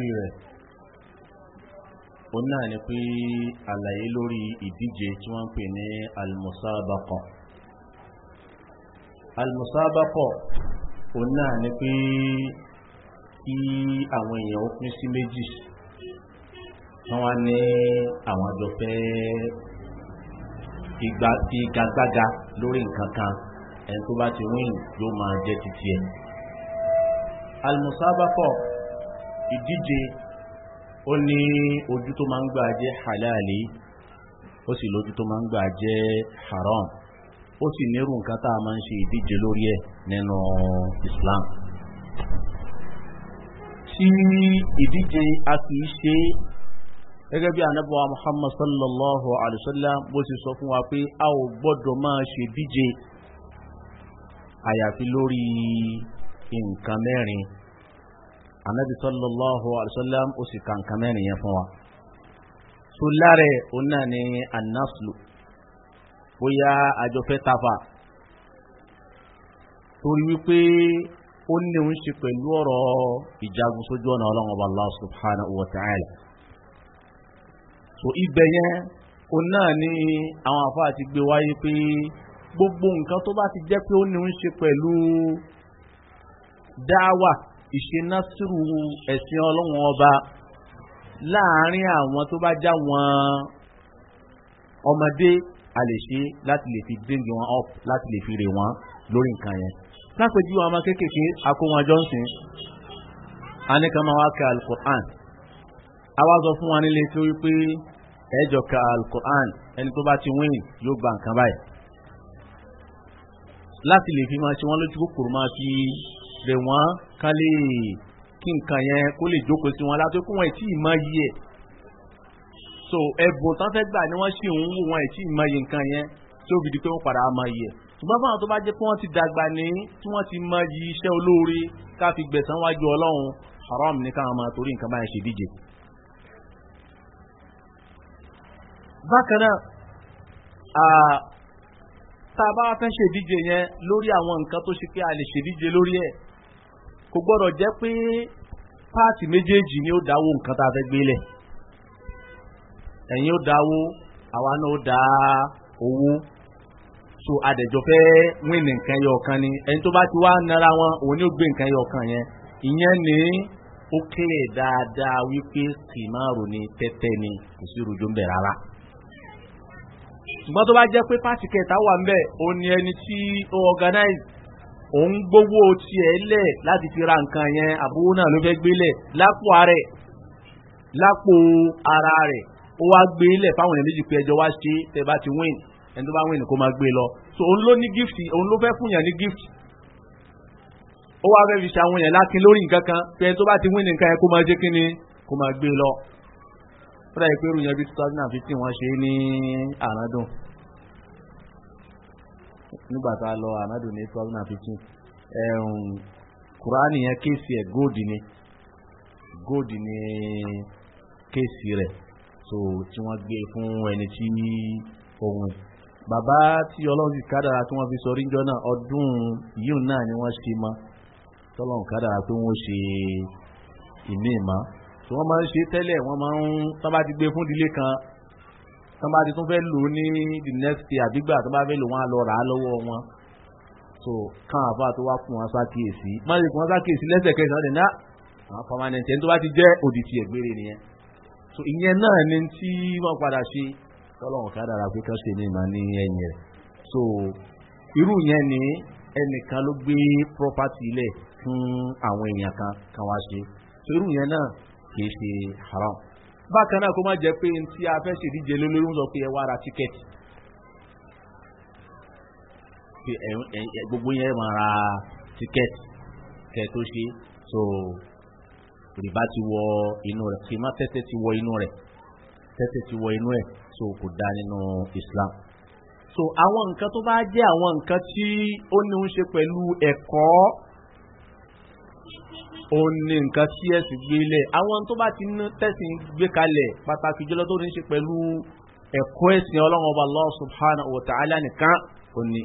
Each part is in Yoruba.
lórí rẹ̀ òun náà ni pé àlàyé lórí ìdíje tí wọ́n ń pè ní almusabaqa almusabaqa òun náà ni pé kí àwọn èèyàn ó pín sí méjì wọ́n wá ní àwọn àjọ fẹ́ igagbága lórí nǹkan kan ẹni tó bá ti wíìn yóò máa jẹ́ titi ẹ̀ almusabaqa ìdíje ó ní ojú tó máa ń gbà jẹ́ halali ó sì lójú tó máa ń gbà jẹ́ haram ó sì nírú nǹkan tá a máa ń ṣe ìdíje lórí ẹ̀ nínú Islam tí ìdíje a kì í ṣe gẹ́gẹ́ bí anábọ̀wá Muhammad sallallahu alaihi wasallam bó ti sọ fún wa pé a ò gbọ́dọ̀ máa ṣe díje àyàfi lórí nǹkan mẹ́rin anabi sallallahu alayhi wa sallam ó sì kàǹkà mẹ́rin yẹn fún wa tó lára ẹ̀ òun náà ní anásùlù bóyá àjọfẹ́ tafa torí wípé ó ní òun ṣe pẹ̀lú ọ̀rọ̀ ìjagun sójú ọ̀nà ọlọ́run ọba allah subhanahu wa ta'ala so ibẹ̀ yẹn òun náà ní àwọn àfa àti gbé wáyé pé gbogbo nǹkan tó bá ti jẹ́ pé ó ní òun ṣe pẹ̀lú dáwà ìṣe násìrù ẹ̀sìn ọlọ́wọ́n ọba láàárín àwọn tó bá já wọn ọmọdé a lè ṣe láti lè fi bring wọn up láti lè fi rè wọn lórí nǹkan yẹn. lápèjú àwọn ọmọ kéékèèké akówọn johnson anìkan máa wá ka alukur'an àwa sọ fún wa nílé tó wí pé ẹjọ ka alukur'an ẹni tó bá ti wíìn yóò gba nǹkan báyìí láti lè fi máa ṣe wọn lójú kòkòrò máa fi bẹ̀ wọ́n kán lè kí nǹkan yẹn kó lè jókòó sí wọn látó kó wọn ẹ̀ tí ì mọ yí ẹ̀ so ẹ̀bùn tán fẹ́ gbà ni wọ́n sì ń wò wọn ẹ̀ tí ì mọ yí nǹkan yẹn tí ó fi di pé wọ́n padà mọ yí ẹ̀ ṣùgbọ́n fáwọn tó bá jẹ́ pé wọ́n ti dàgbà ní tí wọ́n ti mọ yí iṣẹ́ olóore ká fi gbẹ̀sán wájú ọlọ́run haram ní káwọn máa torí nǹkan báyẹn ṣe díje. bákan náà tá a bá fẹ́ ṣèdíje yẹn lórí àwọn nǹkan tó ṣe pé a lè ṣèdíje lórí ẹ̀ kò gbọ́dọ̀ jẹ́ pé páàtì méjèèjì ni ó dáwó nǹkan tá a fẹ́ gbélẹ̀ ẹ̀yin ó dáwó àwa náà ó owó so adẹ̀jọ́ fẹ́ wín nǹkan yọ ọ̀kan ni ẹni tó bá ti wá nara wọn òun ni ó gbé nǹkan yọ ọ̀kan yẹn ni ó dáadáa wípé máa rò ní tẹ́tẹ́ ni kò sí rojo ń bẹ̀ rárá ṣùgbọ́n tó bá jẹ́ pé páàtì kẹta òun gbowó tiẹ̀ lẹ̀ láti fi ra nǹkan yẹn àbúrò náà ló fẹ́ gbélẹ̀ lápò ara ẹ̀ lápò ara rẹ̀ ó wá gbé fáwọn èèyàn méjì pé ẹjọ́ wá ṣe tẹ bá ti win ẹni tó bá win kó máa gbé lọ so òun ló ní gift òun ló fẹ́ fúnyàn ní gift ó wá fẹ́ fi ṣàwọn èèyàn lákin lórí nǹkan kan pé ẹni tó bá ti win nǹkan yẹn kó máa jẹ́ kíni kó máa gbé lọ. ó dàbí pé yẹn bí two wọ́n ṣe é ní àràádùn. nígbà lọ amadu ní two thousand fifteen yẹn kéèsì ẹ góòdì ni kéèsì rẹ so tí wọ́n gbé e fún ẹni tí ohun bàbá tí ọlọ́run ti kádàrà tí wọ́n fi sọ ríjọ́ náà ọdún yìí náà ni wọ́n ṣe mọ́ tọ́lọ́run kádàrà pé wọ́n ṣe ìmí ìmọ̀ tí wọ́n máa ń ṣe tẹ́lẹ̀ wọ́n máa e kan Somebody bá ti tún fẹ́ lò ní the next day àdúgbà tán bá fẹ́ lò wọ́n á lọ rà á lọ́wọ́ wọn so kan àbá tó wá fún wọn sákèésí má lè fún wọn sákèésí lẹ́sẹ̀kẹsẹ̀ náà dẹ̀ ná àwọn permanent ẹni tó bá ti jẹ́ òdì tiẹ̀ gbére nìyẹn so ìyẹn náà ni tí wọ́n padà ṣe tọ́lọ́wọ̀n ká dára pé kán ṣe ní ìmọ̀ ní ẹ̀yìn rẹ̀ so irú yẹn ni ẹnìkan ló gbé property ilẹ̀ fún àwọn èèyàn kan kan wá ṣe so irú yẹn náà kì í ṣe haram bákan náà kó má jẹ́ pé tí a fẹ́ ṣèdíje lólórí ń sọ pé ẹ wá ra tíkẹ́ẹ̀tì pé gbogbo yẹn máa ra tíkẹ́ẹ̀tì kẹ́ tó ṣe so rìbá ti wọ inú rẹ̀ kì í má tẹ́tẹ́ ti wọ inú rẹ̀ tẹ́tẹ́ ti wọ inú ẹ̀ so kò dá nínú islam so àwọn nǹkan tó bá jẹ́ àwọn nǹkan tí ó ní ń ṣe pẹ̀lú ẹ̀kọ́ òun ni nǹkan tí ẹ̀sìn gbé lẹ̀ àwọn tó bá ti ná tẹ̀sìn gbé kalẹ̀ pàtàkì jọlọ tó ní ṣe pẹ̀lú ẹ̀kọ́ ẹ̀sìn ọlọ́run ọba allah subhanahu wa ta'ala nìkan kò ní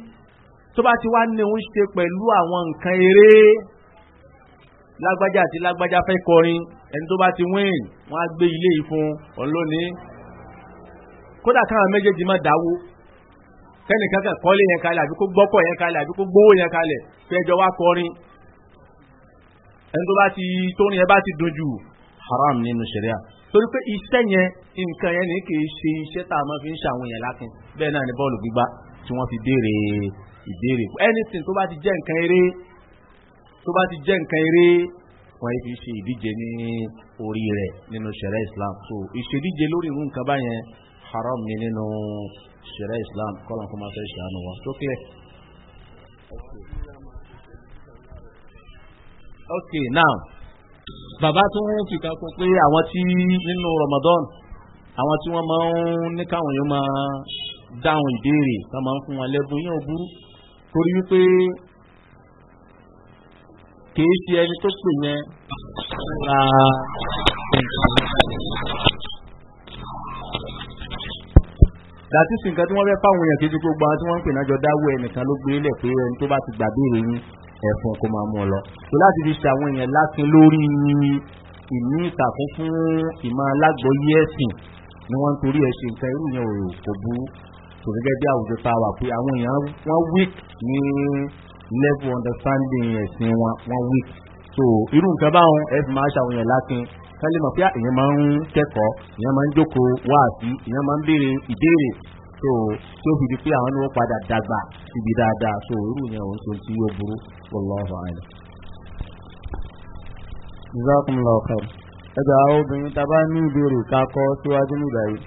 tó bá ti wá ní òun ṣe pẹ̀lú àwọn nǹkan eré lágbájá àti lágbájá fẹ́ kọrin ẹni tó bá ti wíìn wọ́n á gbé ilé ìfún òun lónìí kódà káwọn méjèèjì má dáwó tẹnìkan kan kọ́lé yẹn kalẹ̀ àbí kó gbọ́kọ̀ yẹn kalẹ̀ àbí kó gbówó yẹn kalẹ̀ fẹ́jọ wá kọrin ẹni tó bá ti tó ní ẹ bá ti dojú haram nínú ṣẹ̀ríà torí pé iṣẹ́ yẹn nǹkan yẹn ní kì í ṣe iṣẹ́ tá a máa fi ń ṣàwọn èèyàn lákin bẹ́ẹ̀ náà ni bọ́ọ̀lù gbígbá tí wọ́n fi béèrè ìbéèrè anything tó bá ti jẹ́ nǹkan eré tó bá ti jẹ́ nǹkan eré wọ́n yìí fi ṣe ìdíje ní orí rẹ̀ nínú ṣẹ̀ríà Islam so ìṣèdíje lórí irú nǹkan báyẹn haram ni nínú ṣẹ̀ríà Islam kọ́lọ́n kó máa fẹ́ ṣàánú wọn tó kílẹ̀ ok now bàbá tó ń fìkà kọ pé àwọn tí nínú ramadan àwọn tí wọ́n máa ń ní káwọn yóò máa dáhùn ìbéèrè tá máa ń fún wọn lẹ́bùn yóò burú torí wípé kìí ṣe ẹni tó pè yẹn ra dàtí sìnkà tí wọ́n fẹ́ fáwọn èèyàn kejì gbogbo àwọn tí wọ́n ń pè náà jọ dáwọ́ ẹnìkan ló gbé lẹ̀ pé ẹni tó bá ti gbàgbé rẹ̀ yín ẹ̀fọn kó máa mú ọ lọ. tó láti fi ṣe àwọn èèyàn lákin lórí ìní ìtàkùn fún ìmọ̀ alágbọ̀yé ẹ̀sìn ni wọ́n ń torí ẹ̀ ṣe nǹkan irú yẹn òòrùn kò bú gẹ́gẹ́ bí àwùjọ ta wà pé àwọn èèyàn wọ́n weak ní level understanding ẹ̀sìn wọn wọ́n weak. so irú nǹkan báwọn ẹ fi máa ṣàwọn èèyàn lákin kálí mọ̀ pé èèyàn máa ń kẹ́kọ̀ọ́ èèyàn máa ń jókòó wáàsí èèyàn máa ń béèrè ìbéèrè so tí ó fi di pé àwọn ni wọ́n padà dàgbà síbi dáadáa so irú yẹn òun tó ti yóò burú wallahu a'lam. jazakumullahu khair àwọn obìnrin bá ní ìbéèrè ká síwájú nígbà yìí.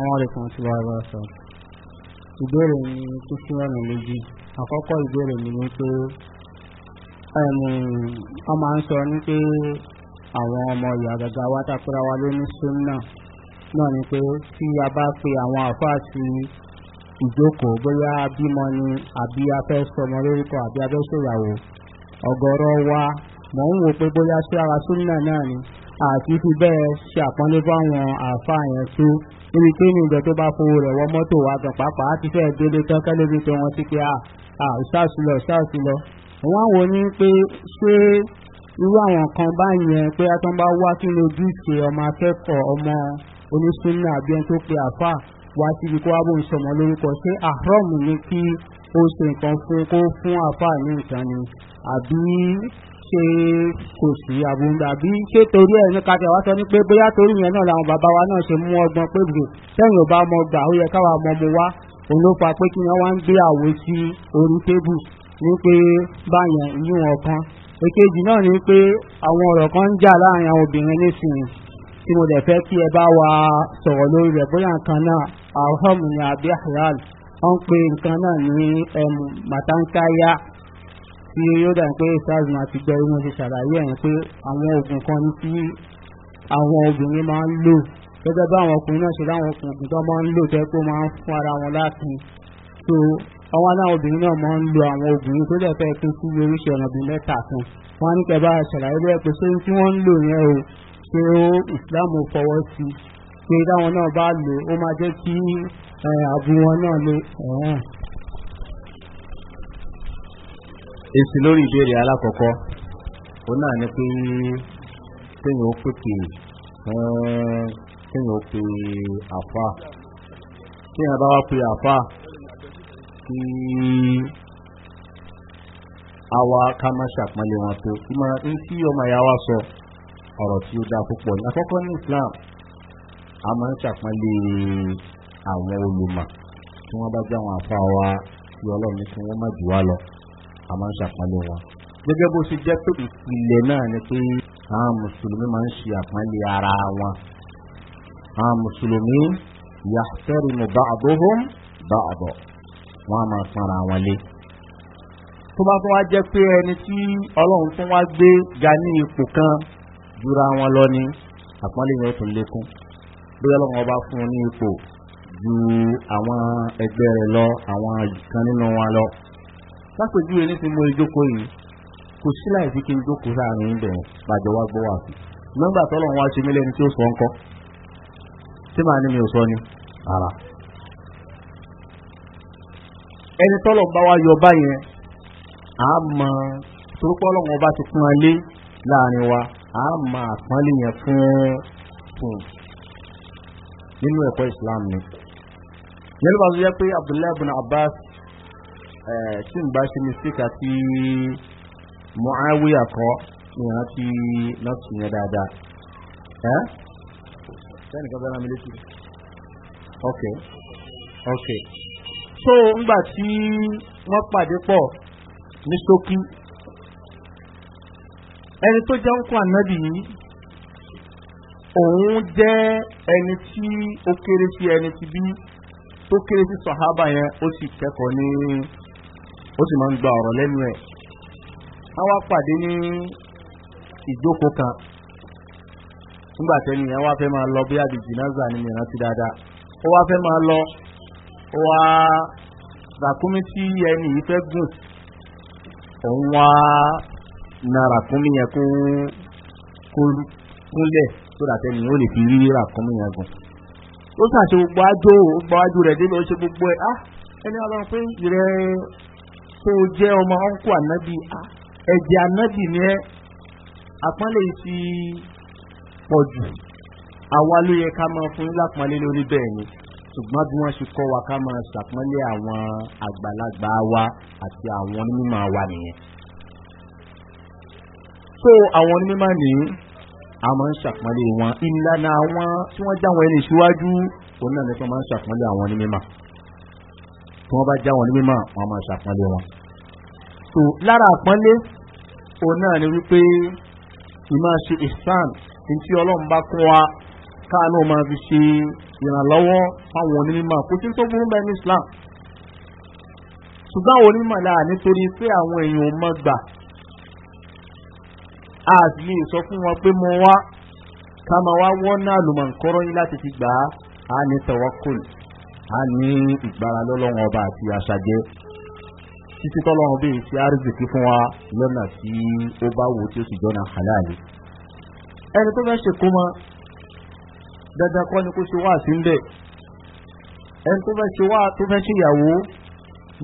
àwọn àlekún sọ ìbéèrè mi sí ọ̀nà méjì àkọ́kọ́ sọ ọmọ ìyá gàgà wa wa ló náà ni pé tí a bá pe àwọn àfáà sí ìjókòó bóyá bímọ ni àbí a fẹ́ lórúkọ àbí a fẹ́ wa mọ̀ ń wò pé bóyá sí ara súnmọ́ náà ni àti fi bẹ́ẹ̀ ṣe àpọ́nlé fáwọn àfáà yẹn tó níbi tí ní ìjọ tó bá fowó rẹ̀ wọ mọ́tò wa gan pàápàá ti fẹ́ délé tán kẹ́lẹ́bí tó wọn sí pé à ṣáàṣì lọ ṣáàṣì lọ. wò ní pé ṣé irú àwọn kan báyẹn pé a tán bá wá kí lójú ṣe ọmọ akẹ́kọ̀ọ́ ọmọ onísúnà àbí ẹni tó pe àfà wá síbi kó wá bó ń sọmọ lórúkọ ṣé àhrọ́mù ni kí ó ṣe nǹkan fún kó fún àfà ní nǹkan ni àbí ṣe kò sí àbúrò àbí ṣé torí ẹ̀ ní kàtà wá sọ ní pé bóyá torí yẹn náà làwọn bàbá wa náà ṣe mú ọgbọ́n pé bò sẹ́yìn ò bá mọ gbà ó yẹ káwa mọ mo wá òun ló fa pé kí wọ́n wá ń gbé àwo sí orí tébù ní pé báyẹn ìyún ọ̀kan èkejì náà ni pé àwọn ọ̀rọ̀ kan ń jà láàrin àwọn obìnrin nísìnyí tí mo dẹ̀ fẹ́ kí ẹ bá wa sọ̀rọ̀ lórí rẹ̀ bóyá nǹkan náà alhom ni àbí halal wọ́n pe nǹkan náà ní matankaya tí yóò dà pé sars máa ti gbọ́ irú wọn ti ṣàlàyé ẹ̀ pé àwọn oògùn kan ní tí àwọn obìnrin máa ń lò gẹ́gẹ́ bá àwọn ọkùnrin náà ṣe láwọn oògùn tó máa ń lò tẹ́ pé máa ń fún ara wọn láti so ọwọ́ náà obìnrin náà máa ń lo àwọn obìnrin tó dẹ̀ fẹ́ pín sí oríṣi ọ̀nà bíi mẹ́ta kan wọ́n ní kẹ́ bá ṣàlàyé bẹ́ẹ̀ pé ṣé tí wọ́n ń lò yẹn o pé islam fọwọ́ sí pé táwọn náà bá lò ó máa jẹ́ kí àbú wọn náà lè. èsì lórí ìbéèrè alákọ̀ọ́kọ́ ó náà ni pé kéèyàn ó pèpè kéèyàn ó pe àfa kéèyàn bá wá pe àfa kí àwa ká má ṣàpọ́nlé wọn tó kí máa tí ọmọ ìyá wa sọ. So ọ̀rọ̀ tí ó dáa púpọ̀ ní àkọ́kọ́ ní Islam a máa ń ṣàpọ́nlé àwọn olùmọ̀ tí wọ́n bá jáwọn àfa wa tí ọlọ́run tí wọ́n má jù wá lọ a máa ń ṣàpọ́nlé wọn. gẹ́gẹ́ bó ṣe jẹ́ pé ìpìlẹ̀ náà ni pé àwọn mùsùlùmí máa ń ṣe àpọ́nlé ara wọn. àwọn mùsùlùmí yahtarimu ba'duhum ba'da wọn a máa sanra wọn lé tó bá tún wá jẹ́ pé ẹni tí ọlọ́run tún wá gbé ga ní ipò kan jura wọn lọ ní àpọ́nlé yẹn ó tún lékún bóyá lọ́wọ́ bá fún un ní ipò ju àwọn ẹgbẹ́ rẹ̀ lọ àwọn kan nínú wọn lọ. lápèjúwe ní ti mú ìjókòó yìí kò sí láì kí n jókòó sáàrin ibẹ̀ pàjọ wá gbọ́ wà sí. nọ́mbà tọ́lọ̀ wọn ṣe mí lẹ́ni tí ó sọ ń kọ́ tí màá ní mi ò sọ ni ara. ẹni tọ́lọ̀ bá wá yọ báyẹn àá mọ torópọ́ lọ́wọ́ bá ti fún ẹ láàrin wa a máa pọ́nlé yẹn fún fún nínú ẹ̀kọ́ islam ni nínú bá tó yẹ pé abdullahi bin abbas tí n bá ṣe mistake àti muawiya kọ́ ìran ti nọ́ọ̀sì yẹn dáadáa ẹ́ sẹ́ni kan bẹ́ẹ̀ mi létí ok ok so ngbà tí wọ́n pàdé pọ̀ ní ṣókí. ẹni tó jẹ́ ń nadi ànábì yìí òun jẹ́ ẹni tí ó kéré sí ẹni tí bí tó kéré sí sọ̀hábà yẹn ó sì kẹ́kọ̀ọ́ ní ó gba ọ̀rọ̀ lẹ́nu ẹ̀ a wá pàdé ní ìjókòó kan nígbà tẹ́ni yẹn wá fẹ́ máa lọ bí àdìjì náà zà ní dada dáadáa ó wá fẹ́ máa lọ ó wá ràkúnmí tí ẹni yìí fẹ́ nara kúnmí yẹn kún kúnlẹ̀ tó dàtẹ́ ni ó lè fi rírí ra kúnmí yẹn gùn. ó ṣàṣe gbogbo àjò gbogbo àjò rẹ̀ délé ó ṣe gbogbo ẹ̀ á ah, ẹni ọlọ́run pé ìrẹ́ tó jẹ́ ọmọ ọ̀nkú ànábì ah, ẹ̀jẹ̀ ànábì ni ẹ́ àpọ́nlé ti pọ̀ jù àwa ló yẹ ká máa fún lápọ́nlé lórí bẹ́ẹ̀ ni ṣùgbọ́n bí wọ́n ṣe kọ́ wa ká máa ṣàpọ́nlé àwọn àgbàlagbà wa àti àwọn onímọ̀ wa nìyẹn so àwọn onímọ̀ ní a máa ń ṣàpọ́nlé wọn ìlànà àwọn tí wọ́n já wọn ẹni síwájú òun náà ní kí wọ́n máa ń ṣàpọ́nlé àwọn onímọ̀ tí wọ́n bá já wọn onímọ̀ wọ́n máa ṣàpọ́nlé wọn. so lára àpọ́nlé òun náà ni wípé ìmáa ṣe ihsan ntí ọlọ́run bá kún wa káàánú máa fi ṣe ìrànlọ́wọ́ fáwọn onímọ̀ kò sí tó burú bẹ́ẹ̀ ní islam ṣùgbọ́n àwọn onímọ̀ là nítorí pé àwọn èèyàn ò mọ̀ gbà a sì lè sọ fún wọn pé mo wá ká máa wá wọ́nà àlùmọ̀ǹkọ́rọ́ yín láti fi gbà á a ní tẹ̀wọ́kùn a ní ìgbára lọ́lọ́wọ́n ọba àti àṣàjẹ́ títí tọ́lọ́run bíi ti àrídìkí fún wa lọ́nà tí ó bá wò tí ó sì jọ́nà àláàlì. ẹni tó fẹ́ ṣèkó mọ dandan kọ́ ni kó ṣe wá sí ń ẹni tó fẹ́ ṣe wá tó fẹ́ ṣèyàwó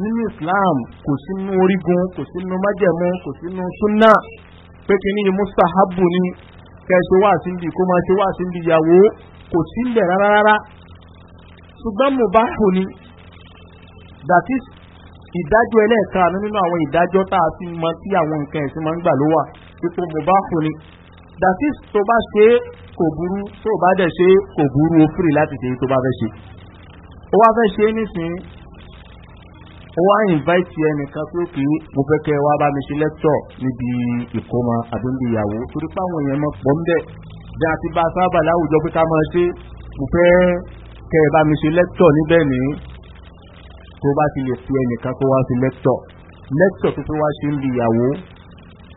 nínú islam kò sínú orígun kò sínú májẹ̀mú kò sínú súnà pé kí ni mustahabu ni kẹ́ ẹ ṣe wá sí ibi kó máa ṣe wá sí ibi ìyàwó kò sí ń bẹ̀ rárá rárá ṣùgbọ́n mubahu ni that is ìdájọ́ ẹlẹ́ẹ̀kaàánú nínú àwọn ìdájọ́ tá a ti mọ tí àwọn nǹkan ẹ̀sìn máa ń gbà ló wà ipò mubahu ni that is tó bá ṣe kò burú tó bá dẹ̀ ṣe kò burú o fìrì láti ṣe tó bá fẹ́ ṣe ó wá fẹ́ ṣe nísìnyí ó wá invite ẹnìkan pé kí mo fẹ́ kẹ́ wá bá mi ṣe lẹ́tọ̀ níbi ìkómọ àbí níbi ìyàwó torí pé àwọn èèyàn mọ̀ pọ̀ ń bẹ̀ bí a ti bá a sábà láwùjọ pé ká máa ṣe mo fẹ́ kẹ́ ẹ bá mi ṣe lẹ́tọ̀ níbẹ̀ ní tó bá ti lè fi ẹnìkan kó wá sí lẹ́tọ̀ lẹ́tọ̀ tó fi wá ṣe níbi ìyàwó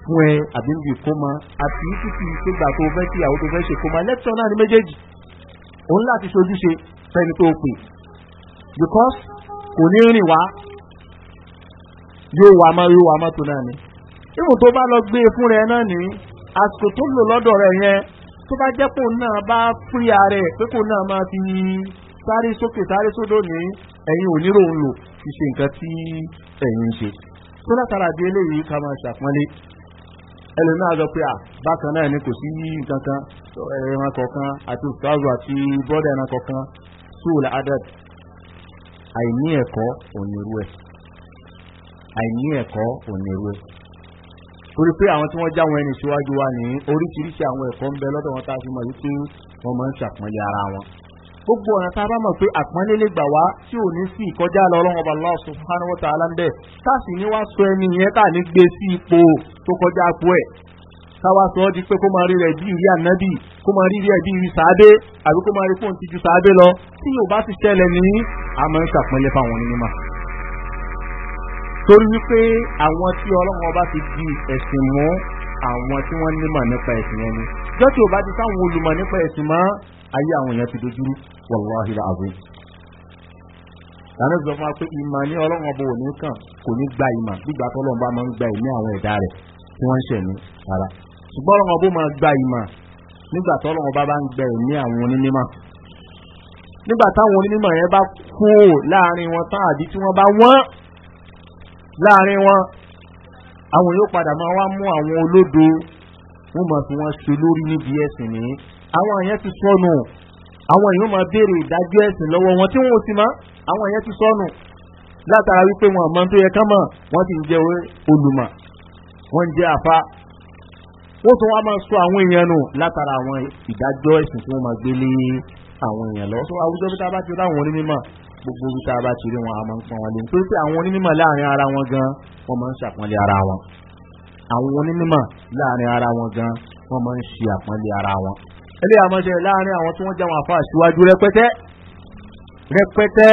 fún ẹ àbí níbi ìkómọ àti títí ìgbà tó fẹ́ kí ìyàwó tó fẹ́ ṣe kómọ lẹ́tọ̀ náà ní méjèèjì òun láti ṣojúṣe fẹ́ni tó pè because kò ní rìn wá yóò wà má yóò wà má tó náà ni. irun tó bá lọ gbé e fún rẹ náà ni àsìkò tó lò lọ́dọ̀ rẹ yẹn tó bá jẹ́ kó náà bá fúri ààrẹ pé kó náà máa fi sáré sókè sáré sódò ní ẹ̀yin onírò ń lò fi ṣe nǹkan tí ẹ̀yin ń ṣe. tó látara di eléyìí ká máa ṣàpọ́nlé ẹlòmí àjọ pé à bákan náà ni kò sí nǹkan kan ẹran kọ̀ọ̀kan àti òṣùwàzù àti bọ́dà ẹran kọ̀ọ̀kan sóòlù adad àìní ẹ̀kọ́ òní irú ẹ̀. àìní ẹ̀kọ́ òníró torí pé àwọn tí wọ́n já wọn ẹni síwájú wa ní oríṣiríṣi àwọn ẹ̀kọ́ ń bẹ lọ́dọ̀ wọn tá a fi mọ̀ wípé wọ́n máa ń ṣàpọ́nlé ara wọn gbogbo ọ̀nà tá a bá mọ̀ pé àpọ́nlé lè gbà wá tí ò ní sí ìkọjá lọ ọlọ́run ọba allah subhanahu wa ta'ala ń bẹ̀ káàsì ni wá sọ ẹni yẹn ká ní gbé sí ipò tó kọjá apò ẹ̀ káwa sọ ọ́ di pé kó máa rí rẹ̀ bí ìrí ànábì kó máa rí rẹ̀ bí ìrí sàábé àbí kó máa rí fóun ti ju sàábé lọ tí yóò bá ti ṣẹlẹ̀ ní àmọ́ ń ṣàpọ́nlé fáwọn onímọ̀ torí wípé àwọn tí ọlọ́run ọba ti di ẹ̀sìn mú àwọn tí wọ́n nímọ̀ nípa ẹ̀sìn yẹn ni jọ́tí ò bá ti sáwọn olùmọ̀ nípa ẹ̀sìn mọ́ ayé àwọn èèyàn ti dojúrú wàláhi làwọn. lánàá sọ fún wa pé ìmọ̀ ní ọlọ́run ọba òní kàn kò ní gba ìmọ̀ gbígbà tó ọlọ́run bá máa ń gba ìmí àwọn ẹ̀dá rẹ̀ tí wọ́n ń ṣẹ̀ ní ara ṣùgbọ́n ọlọ́run ọba máa gba ìmọ̀ nígbà tó ọlọ́run ọba bá ń gba ìmí àwọn onímọ̀ nígbà láàrin wọn àwọn yóò padà máa wá mú àwọn olódo wọn máa fi wọn ṣe lórí níbi ẹsìn ní àwọn àyẹn ti sọnù àwọn èèyàn máa béèrè ìdájọ́ ẹ̀sìn lọ́wọ́ wọn tí wọn ò sì mọ́ àwọn èèyàn ti sọnù látara wípé wọn àmọ́ tó yẹ ká mọ̀ wọ́n ti ń jẹ́ olùmọ̀ wọ́n ń jẹ́ àfa ó tún wá máa sọ àwọn èèyàn nù látara àwọn ìdájọ́ ẹ̀sìn tí wọ́n máa gbé àwọn èèyàn lọ. sọ àwùjọ bí ta bá ti ráwọn onímọ̀ gbogbo ibi tá a bá ti rí wọn a máa ń pọn wọn lé nítorí pé àwọn onímọ̀ láàrin ara wọn gan wọ́n máa ń ṣàpọ́nlé ara wọn àwọn onímọ̀ láàrin ara wọn gan wọ́n máa ń ṣe àpọ́nlé ara wọn. eléyà máa ṣe láàrin àwọn tí wọ́n já wọn àfa àṣíwájú rẹpẹtẹ rẹpẹtẹ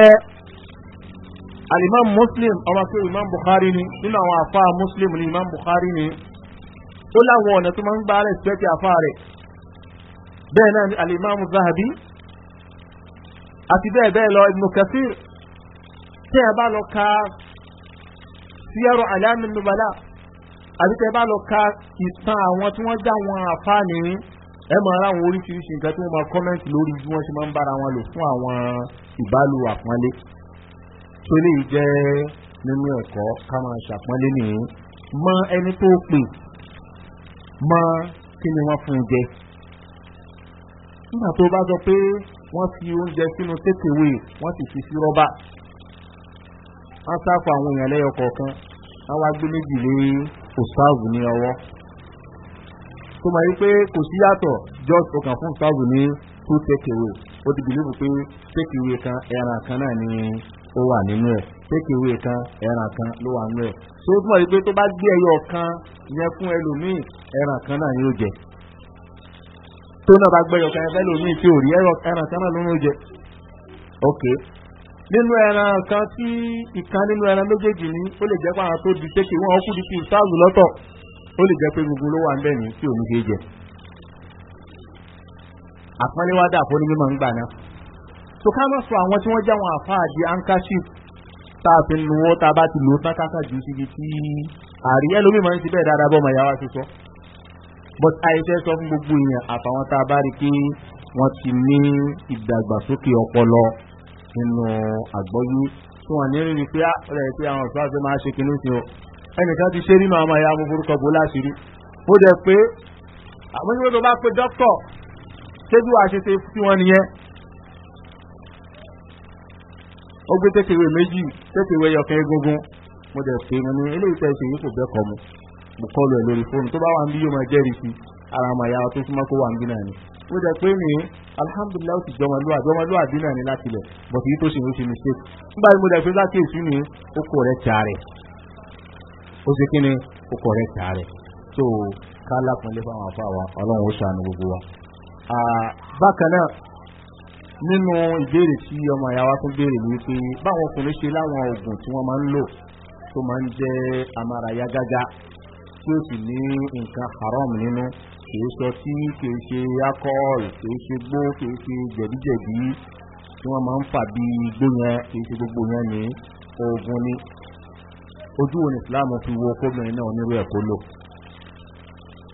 alimam muslim ọmọ pé imam bukhari ni nínú àwọn àfa muslim ni imam bukhari ni ó láwọn ọ̀nà tó máa ń gbá rẹ̀ pẹ́tẹ́ àfa rẹ̀ bẹ́ẹ̀ náà ni alimam zahabi àti bẹ́ẹ̀ bẹ́ẹ̀ lọ ibùdó kẹsí tí ẹ bá lọ ka síyàrá aláàmì nùbàlà àti tẹ bá lọ ka ìtàn àwọn tí wọ́n já wọn àfáàní ẹ máa ra àwọn oríṣiríṣi nǹkan tí wọ́n máa kọ́mẹ́ǹtì lórí bí wọ́n ṣe máa ń bára wọn lò fún àwọn ìbálò àpọ́nlé tó lè jẹ́ nínú ẹ̀kọ́ ká máa ṣàpọ́nlé nìyí mọ ẹni tó pè mọ kí ni wọ́n fún un jẹ nígbà tó bá sọ pé. wọ́n fi oúnjẹ sínú tékèwé wọ́n sì fi sí rọ́bà wọ́n sáfù àwọn èèyàn lẹ́yọ kọ̀ọ̀kan wọ́n wá gbé méjì lé òsáàbù ní ọwọ́ tó mọ̀ pé kò sí yàtọ̀ just ọkàn fún òsáàbù ní two tékèwé ó ti bìlíwù pé tékèwé kan ẹran kan náà ni ó wà nínú ẹ̀ tékèwé kan ẹran kan ló wà nínú ẹ̀ tó mọ̀ wípé tó bá gbé ẹyọ kan yẹn fún ẹlòmíì ẹran kan náà yóò jẹ tó náà bá gbẹ́yọ̀ kan ẹ̀fẹ́ lómi tí ò rí ẹran kan náà ló ń jẹ. ok nínú ẹran kan tí ìkan nínú ẹran méjèèjì ní ó lè jẹ́ pé àwọn tó di kéèké wọn kú di ti ìsáàlù lọ́tọ̀ ó lè jẹ́ pé gbogbo ló wà ń bẹ̀ ní tí òun ṣe jẹ. àpọ́nlé wá dà fún ní mímọ́ ń gbà náà. tó ká má sọ àwọn tí wọ́n jáwọn àfáà di tá a fi nuwọ́ tá a bá ti lò ó tán káká jù síbi tí àríyá lómi máa ń ti bẹ́ẹ̀ dáadáa bọ́ ọmọ ìyá wa ti sọ. So but àìfẹ́ sọ fún gbogbo èèyàn àtàwọn tá a bá rí i pé wọ́n ti ní ìdàgbàsókè ọpọlọ nínú àgbọ́yé tí wọ́n ní rírì pé ọ̀rẹ́ ah, pé àwọn ọ̀ṣọ́ àti máa ṣe kìíní sí o ẹnìkan ti ṣe nínú àwọn ẹ̀yà amúforúkọ bó láṣìírí ó dẹ̀ pé àmójútó tó bá pé dókítọ̀ ṣéjú àṣeṣe tí wọ́n nìyẹn ó gbé tẹ́tẹ̀wé méjì tẹ́tẹ̀wé yọkẹ́ egungun mo dẹ̀ pé mo ní eléyìí tẹ́ ṣe yìí kò bẹ́ẹ̀ kọ́ mu mo kọlu ẹ̀ lórí fóònù tó bá wà ń bí yóò máa jẹ́rìí sí ara àmọ̀ ìyá tó súnmọ́ kó wà ń náà ni. ó jẹ́ pé mi alihamudulilayi ti jọmọlúwàbí ọmọlúwàbí náà ni láti lẹ̀ bọ̀tí yìí tó ṣe ló ṣe mistake. nígbà tí mo jẹ́ pé lákèésí ni ó kọ̀ rẹ̀ tà rẹ̀ ó ṣe kí ni ó kọ̀ rẹ̀ tà rẹ̀ tó ká lápọ̀nlé fáwọn afá wa ọlọ́run ó ṣàánú gbogbo wa. bákan náà nínú ìbéèrè tí ọmọ ìyá wa tún béèrè ni wípé báwọn ọkùnrin ṣe láwọn oògùn tí wọ́n máa ń lò tó máa ń jẹ́ amárayá gágá tí ó sì ní nǹkan haram nínú kìí ṣe tí kìí ṣe alcohol kìí ṣe gbó kìí ṣe jẹ̀díjẹ̀dí tí wọ́n máa ń fà bí igbó yẹn kìí ṣe gbogbo yẹn ní oògùn ni ojú wo ni Islam fi wo kóbìnrin náà onírú ẹ̀ kó lò